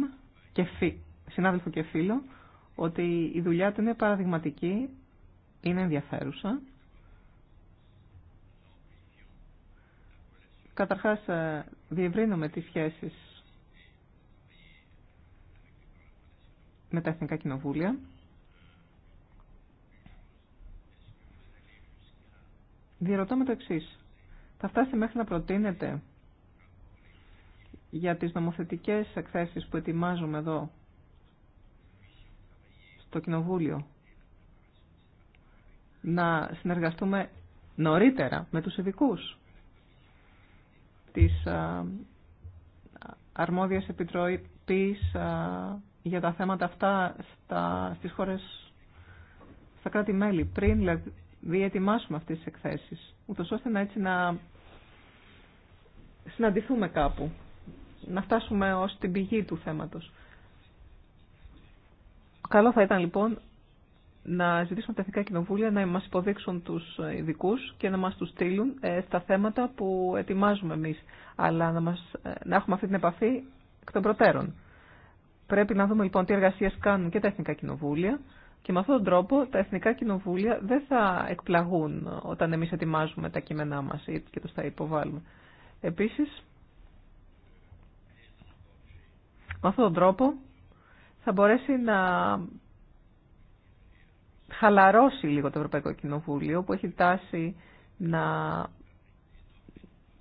και φι, συνάδελφο και φίλο, ότι η δουλειά του είναι παραδειγματική, είναι ενδιαφέρουσα. Καταρχάς, ε, διευρύνουμε τις σχέσεις με τα Εθνικά Κοινοβούλια. Διερωτώ με το εξή. Θα φτάσει μέχρι να προτείνετε για τις νομοθετικές εκθέσεις που ετοιμάζουμε εδώ στο Κοινοβούλιο να συνεργαστούμε νωρίτερα με τους ειδικού της α, αρμόδιας επιτροπής για τα θέματα αυτά στα, στις χώρες, στα κράτη-μέλη, πριν διετοιμάσουμε αυτές τις εκθέσεις, ούτως ώστε να έτσι να συναντηθούμε κάπου, να φτάσουμε ως την πηγή του θέματος. Καλό θα ήταν λοιπόν να ζητήσουμε τα εθνικά κοινοβούλια να μας υποδείξουν τους ειδικού και να μας τους στείλουν ε, στα θέματα που ετοιμάζουμε εμείς, αλλά να, μας, ε, να έχουμε αυτή την επαφή εκ των προτέρων. Πρέπει να δούμε λοιπόν τι εργασίες κάνουν και τα εθνικά κοινοβούλια, και με αυτόν τον τρόπο τα εθνικά κοινοβούλια δεν θα εκπλαγούν όταν εμείς ετοιμάζουμε τα κείμενά μας ή και τους θα υποβάλουμε. Επίσης, με αυτόν τον τρόπο θα μπορέσει να χαλαρώσει λίγο το Ευρωπαϊκό Κοινοβούλιο που έχει τάση να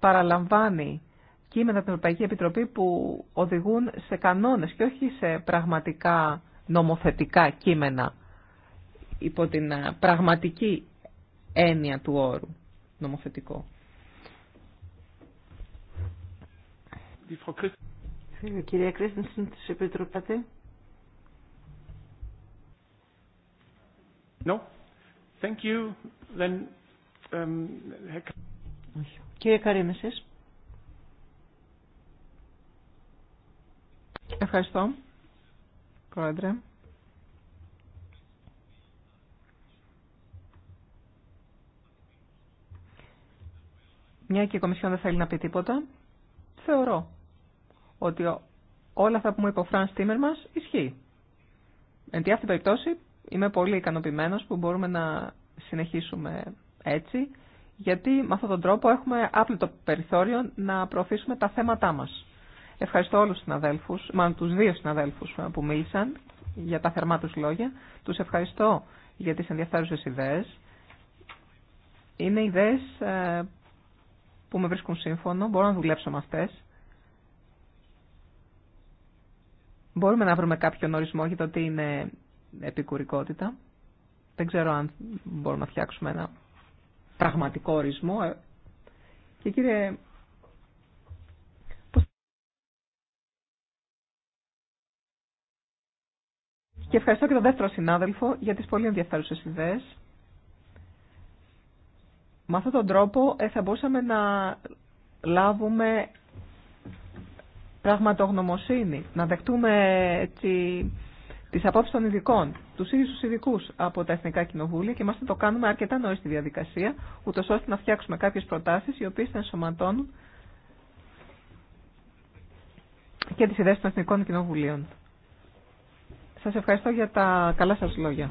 παραλαμβάνει κείμενα από την Ευρωπαϊκή Επιτροπή που οδηγούν σε κανόνες και όχι σε πραγματικά νομοθετικά κείμενα υπό την πραγματική έννοια του όρου νομοθετικό. Κυρία Κρίστινσεν, τους επιτροπάτε. No. Thank you. Then, um... Κύριε Καρύμ, εσείς. Ευχαριστώ, Πρόεδρε. μια και η Κομισιόν δεν θέλει να πει τίποτα, θεωρώ ότι όλα αυτά που μου είπε ο Φραν Τίμερ μας ισχύει. Εν τη αυτή περιπτώσει είμαι πολύ ικανοποιημένο που μπορούμε να συνεχίσουμε έτσι, γιατί με αυτόν τον τρόπο έχουμε άπλυτο περιθώριο να προωθήσουμε τα θέματά μας. Ευχαριστώ όλου του συναδέλφου, μάλλον τους δύο συναδέλφου που μίλησαν για τα θερμά τους λόγια. Τους ευχαριστώ για τι ενδιαφέρουσε ιδέε. Είναι ιδέες ε, που με βρίσκουν σύμφωνο, μπορώ να δουλέψω με αυτές. Μπορούμε να βρούμε κάποιον ορισμό για το τι είναι επικουρικότητα. Δεν ξέρω αν μπορούμε να φτιάξουμε ένα πραγματικό ορισμό. Ε, και κύριε... Και ευχαριστώ και τον δεύτερο συνάδελφο για τις πολύ ενδιαφέρουσες ιδέες. Με αυτόν τον τρόπο ε, θα μπορούσαμε να λάβουμε πραγματογνωμοσύνη, να δεχτούμε έτσι, τις απόψεις των ειδικών, τους ίδιους τους ειδικού από τα Εθνικά Κοινοβούλια και μας θα το κάνουμε αρκετά νωρίς στη διαδικασία, ούτω ώστε να φτιάξουμε κάποιες προτάσεις οι οποίες θα ενσωματώνουν και τις ιδέες των Εθνικών Κοινοβουλίων. Σας ευχαριστώ για τα καλά σας λόγια.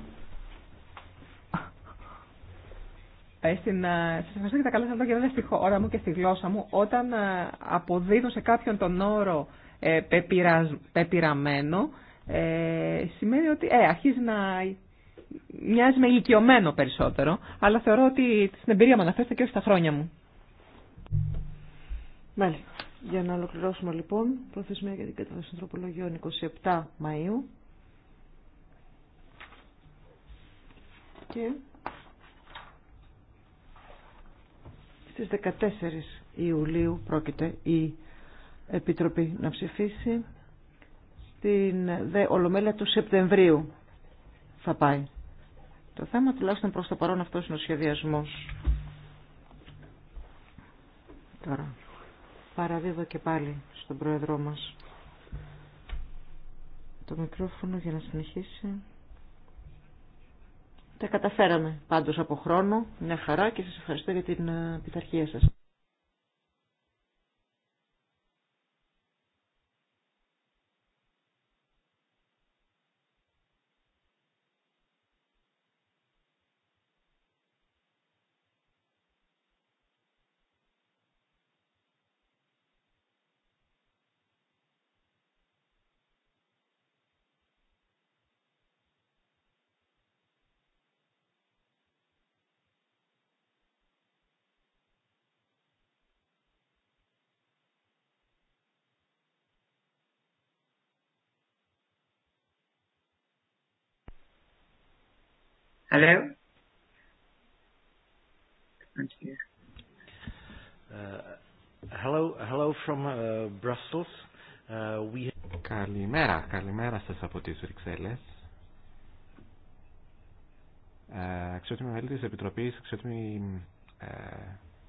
Ε, στην, ε, σας ευχαριστώ και τα καλά σας λόγια βέβαια στη χώρα μου και στη γλώσσα μου όταν ε, αποδίδω σε κάποιον τον όρο ε, πεπειραζ, πεπειραμένο ε, σημαίνει ότι ε, αρχίζει να μοιάζει με ηλικιωμένο περισσότερο αλλά θεωρώ ότι στην εμπειρία μου αναφέρεται και όχι στα χρόνια μου. Μάλιστα. Για να ολοκληρώσουμε λοιπόν προθεσμία για την κατάσταση ανθρωπολογιών 27 Μαΐου και Στις 14 Ιουλίου πρόκειται η Επιτροπή να ψηφίσει. Στην δε Ολομέλεια του Σεπτεμβρίου θα πάει. Το θέμα τουλάχιστον προς το παρόν αυτός είναι ο σχεδιασμός. Τώρα παραδίδω και πάλι στον πρόεδρό μας το μικρόφωνο για να συνεχίσει. Τα καταφέραμε πάντως από χρόνο, μια χαρά και σας ευχαριστώ για την ε, πειθαρχία σας. Uh, hello? hello, uh, Brussels. Uh, we... Καλημέρα, καλημέρα σας από τις Βρυξέλλες. Ε, αξιότιμοι μέλη της Επιτροπής, αξιότιμοι ε,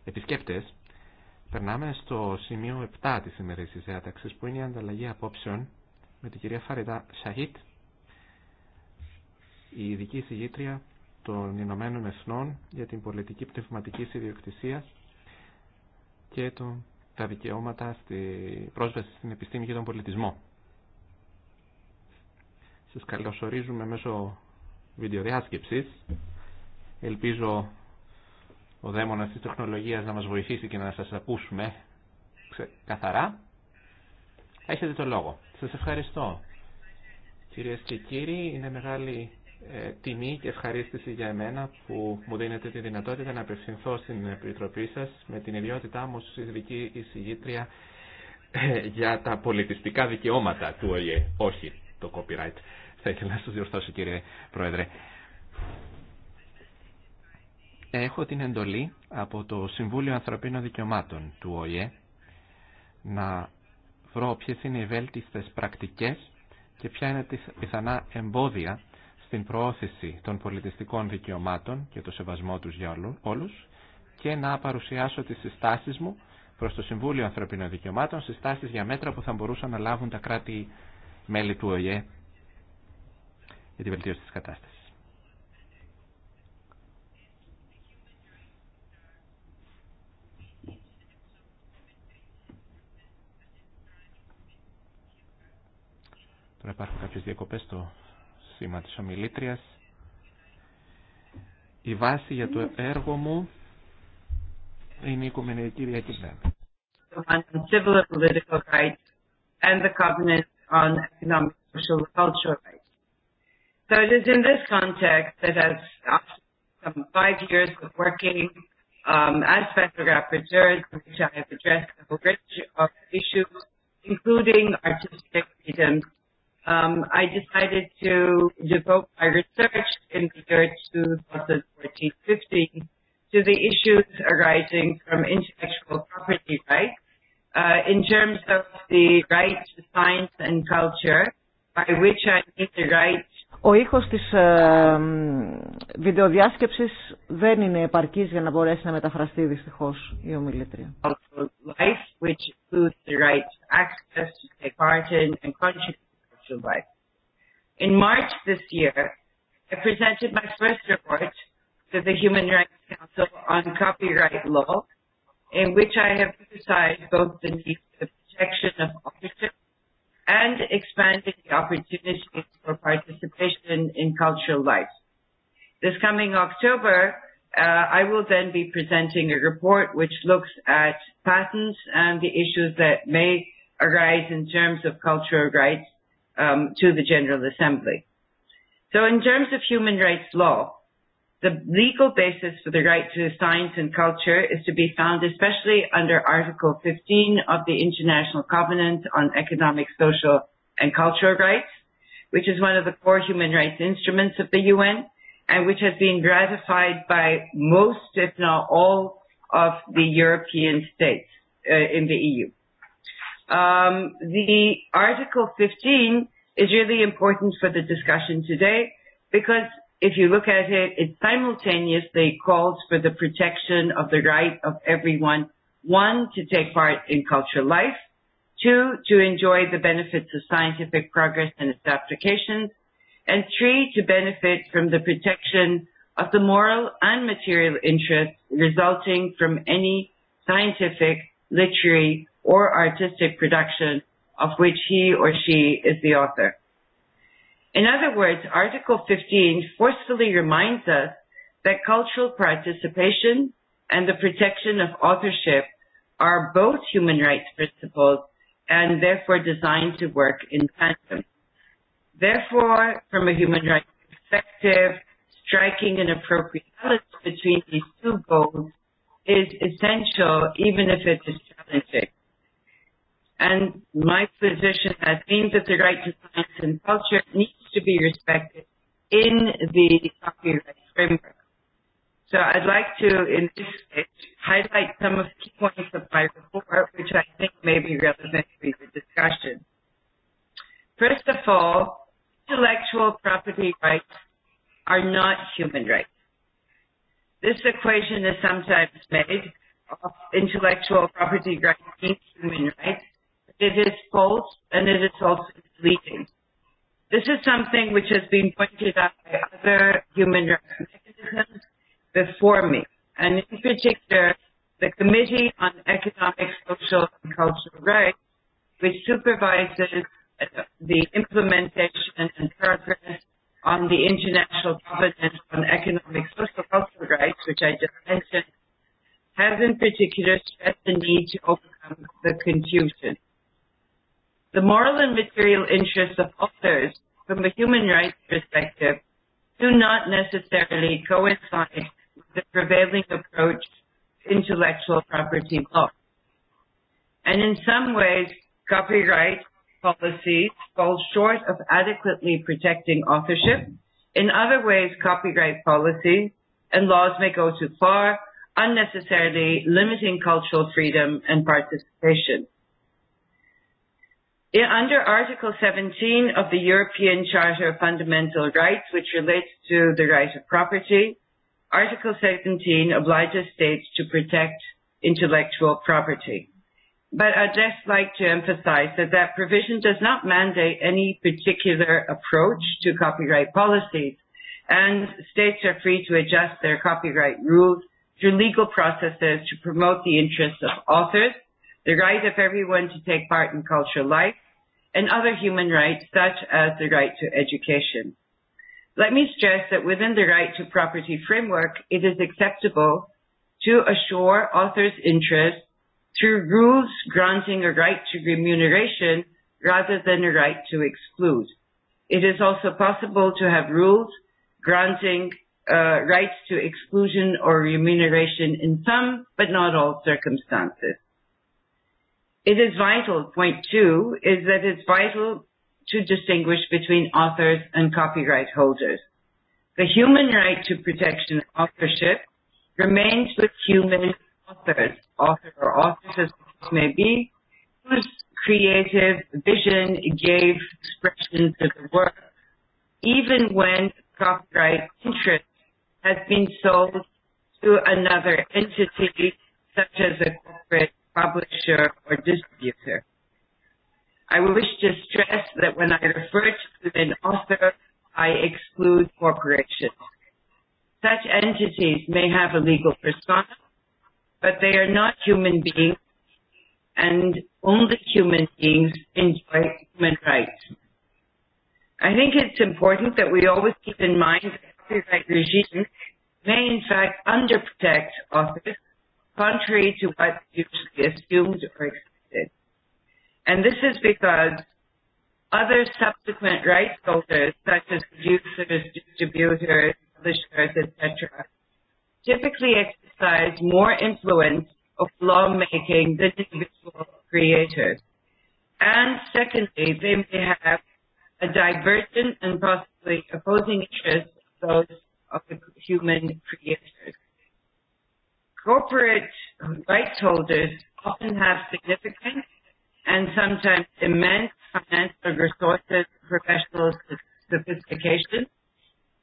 επισκέπτες, περνάμε στο σημείο 7 της της διάταξης που είναι η ανταλλαγή απόψεων με την κυρία Φαρίδα Σαχίτ, η ειδική συγγήτρια των Ηνωμένων Εθνών για την πολιτική πνευματική ιδιοκτησία και το, τα δικαιώματα στη πρόσβαση στην επιστήμη και τον πολιτισμό. Σας καλωσορίζουμε μέσω βιντεοδιάσκεψης. Ελπίζω ο δαίμονας της τεχνολογίας να μας βοηθήσει και να σας ακούσουμε καθαρά. Έχετε το λόγο. Σας ευχαριστώ. Κυρίες και κύριοι, είναι μεγάλη ε, τιμή και ευχαρίστηση για εμένα που μου δίνετε τη δυνατότητα να απευθυνθώ στην Επιτροπή σας με την ιδιότητά μου ως ειδική εισηγήτρια ε, για τα πολιτιστικά δικαιώματα του ΟΗΕ. Όχι το copyright. Θα ήθελα να σας διορθώσω κύριε Πρόεδρε. Έχω την εντολή από το Συμβούλιο Ανθρωπίνων Δικαιωμάτων του ΟΗΕ να βρω ποιες είναι οι βέλτιστες πρακτικές και ποια είναι τα πιθανά εμπόδια στην προώθηση των πολιτιστικών δικαιωμάτων και το σεβασμό τους για όλους και να παρουσιάσω τις συστάσεις μου προς το Συμβούλιο Ανθρωπίνων Δικαιωμάτων, συστάσεις για μέτρα που θα μπορούσαν να λάβουν τα κράτη μέλη του ΟΗΕ για τη βελτίωση της κατάστασης. Τώρα υπάρχουν κάποιες διακοπές στο σήμα της ομιλήτριας. Η βάση για το έργο μου είναι η Οικουμενική Διακυβέρνηση. and the covenant on economic, social, and cultural rights. So it is in this context that as after some five years of working um, as special rapporteur, which I have addressed a whole range of issues, including artistic freedoms um, I decided to devote my research in the year 2014-15 to the issues arising from intellectual property rights uh, in terms of the right to science and culture, by which I mean the right ο ήχος της ε, βιντεοδιάσκεψης δεν είναι επαρκής για να μπορέσει να μεταφραστεί δυστυχώς η ομιλήτρια. Life, which includes the right to access, to take part in and contribute In March this year, I presented my first report to the Human Rights Council on copyright law, in which I have emphasized both the need for the protection of authorship and expanding the opportunities for participation in cultural life. This coming October, I will then be presenting a report which looks at patents and the issues that may arise in terms of cultural rights um, to the General Assembly. So in terms of human rights law, the legal basis for the right to science and culture is to be found especially under Article 15 of the International Covenant on Economic, Social and Cultural Rights, which is one of the core human rights instruments of the UN and which has been ratified by most, if not all, of the European states in the EU um, the Article 15 is really important for the discussion today because if you look at it, it simultaneously calls for the protection of the right of everyone, one, to take part in cultural life, two, to enjoy the benefits of scientific progress and its applications, and three, to benefit from the protection of the moral and material interests resulting from any scientific, literary, or artistic production of which he or she is the author. In other words, Article 15 forcefully reminds us that cultural participation and the protection of authorship are both human rights principles and therefore designed to work in tandem. Therefore, from a human rights perspective, striking an appropriate balance between these two goals is essential even if it is challenging and my position has been that the right to science and culture needs to be respected in the copyright framework. So I'd like to, in this case, highlight some of the key points of my report, which I think may be relevant to the discussion. First of all, intellectual property rights are not human rights. This equation is sometimes made of intellectual property rights and it is also misleading. This is something which has been pointed out by other human rights mechanisms before me, and in particular, the Committee on Economic, Social, and Cultural Rights, which supervises the implementation and progress on the International Covenant on Economic, Social, and Cultural Rights, which I just mentioned, has in particular stressed the need to overcome the confusion the moral and material interests of authors, from a human rights perspective do not necessarily coincide with the prevailing approach to intellectual property law. And in some ways, copyright policies fall short of adequately protecting authorship. In other ways, copyright policies and laws may go too far, unnecessarily limiting cultural freedom and participation. Under Article 17 of the European Charter of Fundamental Rights, which relates to the right of property, Article 17 obliges states to protect intellectual property. But I'd just like to emphasize that that provision does not mandate any particular approach to copyright policies, and states are free to adjust their copyright rules through legal processes to promote the interests of authors the right of everyone to take part in cultural life, and other human rights such as the right to education. Let me stress that within the right to property framework, it is acceptable to assure authors' interests through rules granting a right to remuneration rather than a right to exclude. It is also possible to have rules granting rights to exclusion or remuneration in some but not all circumstances. It is vital, point two, is that it's vital to distinguish between authors and copyright holders. The human right to protection of authorship remains with human authors, author or authors as may be, whose creative vision gave expression to the work, even when copyright interest has been sold to another entity, such as a corporate publisher, or distributor. I wish to stress that when I refer to an author, I exclude corporations. Such entities may have a legal persona, but they are not human beings, and only human beings enjoy human rights. I think it's important that we always keep in mind that copyright regimes may in fact underprotect authors contrary to what usually assumed or expected. And this is because other subsequent rights holders, such as producers, distributors, publishers, etc., typically exercise more influence of lawmaking than individual creators. And secondly, they may have a divergent and possibly opposing interest of those of the human creators. Corporate rights holders often have significant and sometimes immense financial resources, professional sophistication,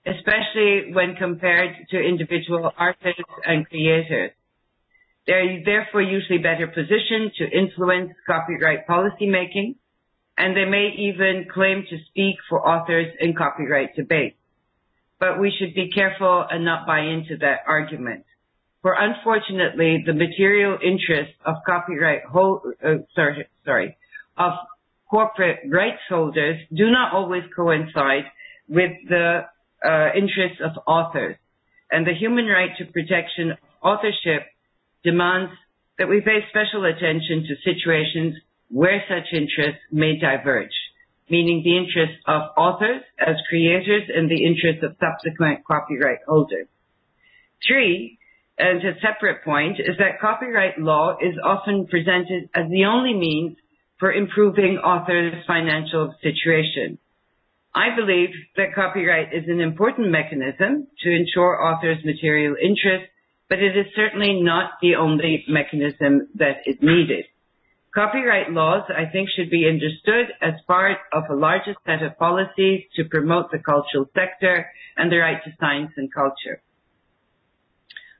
especially when compared to individual artists and creators. They are therefore usually better positioned to influence copyright policy making, and they may even claim to speak for authors in copyright debates. But we should be careful and not buy into that argument for unfortunately the material interests of copyright hold, sorry, sorry, of corporate rights holders do not always coincide with the interests of authors. And the human right to protection of authorship demands that we pay special attention to situations where such interests may diverge, meaning the interests of authors as creators and the interests of subsequent copyright holders. Three, a separate point, is that copyright law is often presented as the only means for improving authors' financial situation. I believe that copyright is an important mechanism to ensure authors' material interests, but it is certainly not the only mechanism that is needed. Copyright laws, I think, should be understood as part of a larger set of policies to promote the cultural sector and the right to science and culture.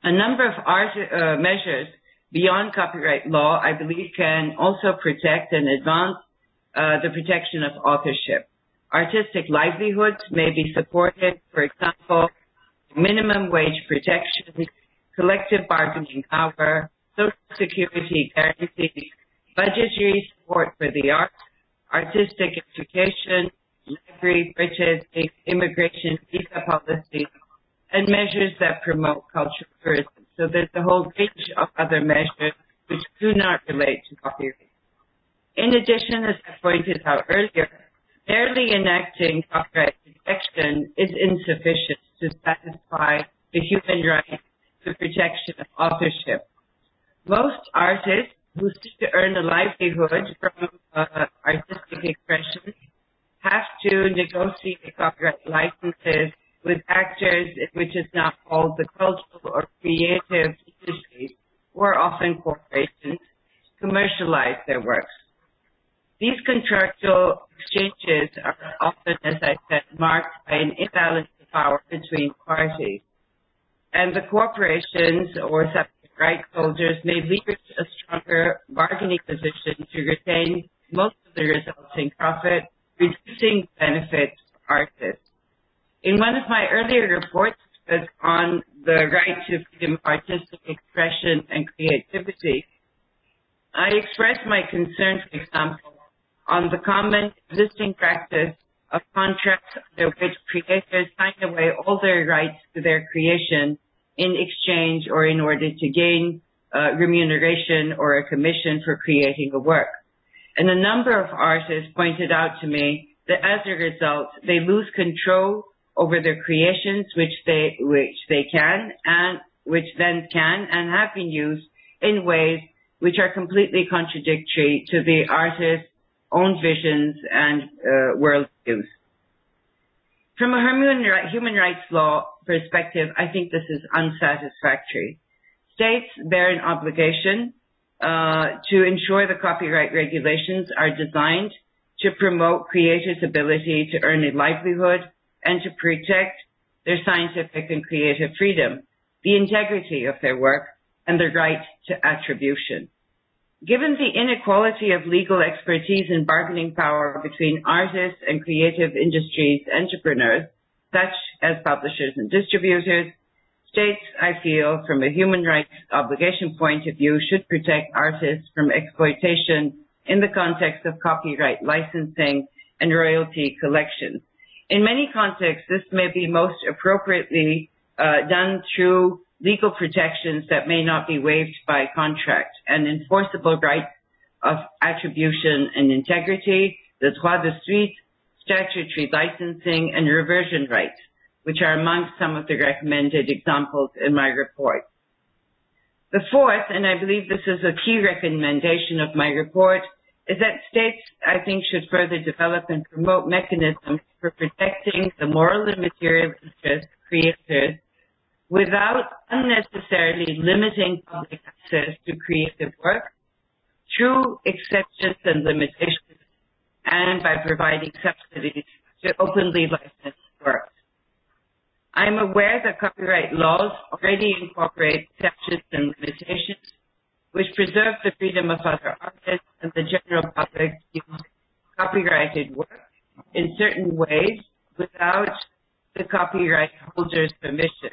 A number of our measures beyond copyright law, I believe, can also protect and advance the protection of authorship. Artistic livelihoods may be supported, for example, minimum wage protection, collective bargaining power, social security guarantees, budgetary support for the arts, artistic education, library bridges, immigration, visa policies, and measures that promote cultural tourism. So there's a whole range of other measures which do not relate to copyright. In addition, as I pointed out earlier, merely enacting copyright protection is insufficient to satisfy the human right to protection of authorship. Most artists who seek to earn a livelihood from artistic expression have to negotiate copyright licenses with actors which is now called the cultural or creative industries, or often corporations commercialize their works. These contractual exchanges are often, as I said, marked by an imbalance of power between parties. And the corporations or subject rights holders may leverage a stronger bargaining position to retain most of the resulting profit, reducing benefits for artists. In one of my earlier reports on the right to freedom of artistic expression and creativity, I expressed my concern, for example, on the common existing practice of contracts under which creators sign away all their rights to their creation in exchange or in order to gain uh, remuneration or a commission for creating a work. And a number of artists pointed out to me that as a result, they lose control over their creations, which they which they can and which then can and have been used in ways which are completely contradictory to the artist's own visions and uh, world views. From a human, human rights law perspective, I think this is unsatisfactory. States bear an obligation uh, to ensure the copyright regulations are designed to promote creators' ability to earn a livelihood and to protect their scientific and creative freedom, the integrity of their work, and the right to attribution. Given the inequality of legal expertise and bargaining power between artists and creative industries entrepreneurs, such as publishers and distributors, states, I feel, from a human rights obligation point of view, should protect artists from exploitation in the context of copyright licensing and royalty collections In many contexts, this may be most appropriately uh, done through legal protections that may not be waived by contract and enforceable rights of attribution and integrity, the droit de suite, statutory licensing, and reversion rights, which are among some of the recommended examples in my report. The fourth, and I believe this is a key recommendation of my report, is that states, I think, should further develop and promote mechanisms for protecting the moral and material interests of creators without unnecessarily limiting public access to creative work through exceptions and limitations and by providing subsidies to openly licensed works. I'm aware that copyright laws already incorporate exceptions and limitations which preserve the freedom of other artists and the general public to use copyrighted work in certain ways without the copyright holder's permission.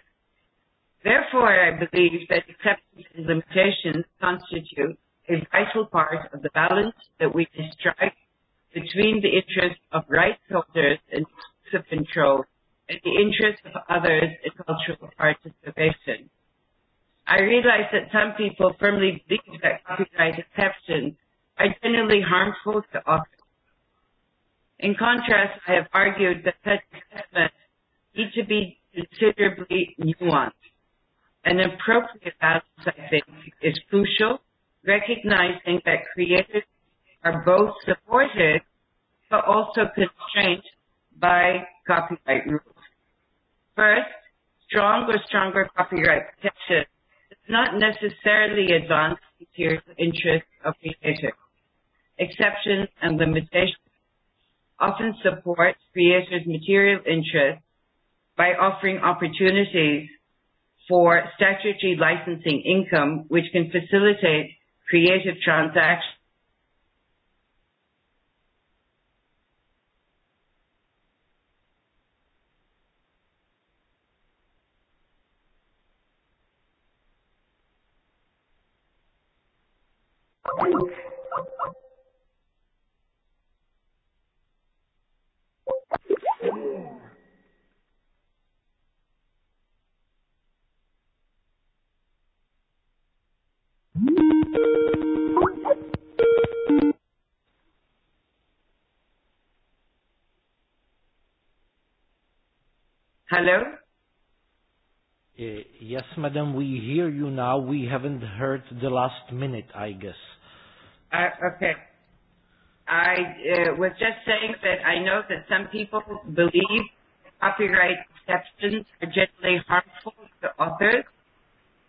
Therefore, I believe that exceptions and limitations constitute a vital part of the balance that we can strike between the interests of rights holders and control and the interests of others in cultural participation. I realize that some people firmly believe that copyright exceptions are generally harmful to authors. In contrast, I have argued that such assessments need to be considerably nuanced. An appropriate balance, I think, is crucial, recognizing that creators are both supported but also constrained by copyright rules. First, strong or stronger copyright protection not necessarily advance the material interests of creators. Exceptions and limitations often support creators' material interests by offering opportunities for statutory licensing income, which can facilitate creative transactions Hello? Yes, madam, we hear you now. We haven't heard the last minute, I guess. Okay. I was just saying that I know that some people believe copyright exceptions are generally harmful to authors,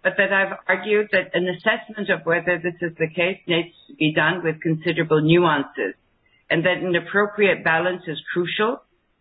but that I've argued that an assessment of whether this is the case needs to be done with considerable nuances, and that an appropriate balance is crucial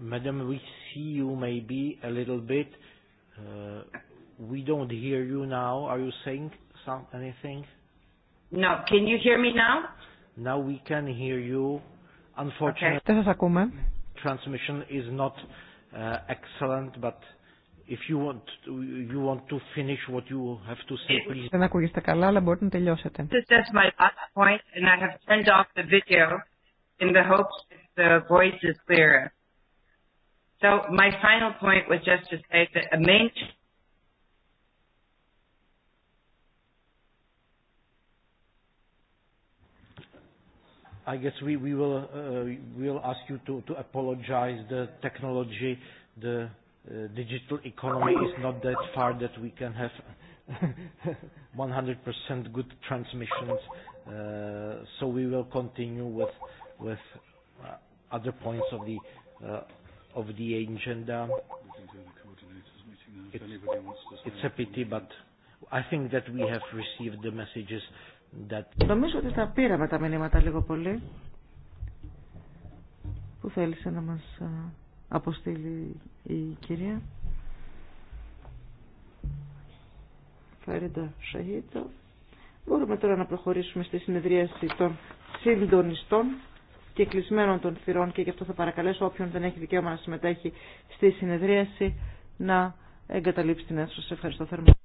Madam, we see you maybe a little bit. Uh, we don't hear you now. Are you saying some, anything? No. Can you hear me now? Now we can hear you. Unfortunately. Okay transmission is not excellent, but if you want to, you want to finish what you have to say, please. Δεν ακούγεστε καλά, αλλά μπορείτε να τελειώσετε. That's my last point, and I have turned off the video in the hopes that the voice is clearer. So my final point was just to say that a main I guess we we will will ask you to to apologize. The technology, the digital economy is not that far that we can have 100% good transmissions. So we will continue with with other points of the of the agenda. It's a pity, but I think that we have received the messages That... Νομίζω ότι τα πήραμε τα μηνύματα λίγο πολύ που θέλησε να μας αποστείλει η κυρία Φαρίντα Σαχίτσα. Μπορούμε τώρα να προχωρήσουμε στη συνεδρίαση των συντονιστών και κλεισμένων των θυρών και γι' αυτό θα παρακαλέσω όποιον δεν έχει δικαίωμα να συμμετέχει στη συνεδρίαση να εγκαταλείψει την αίθουσα. Σε ευχαριστώ θερμά.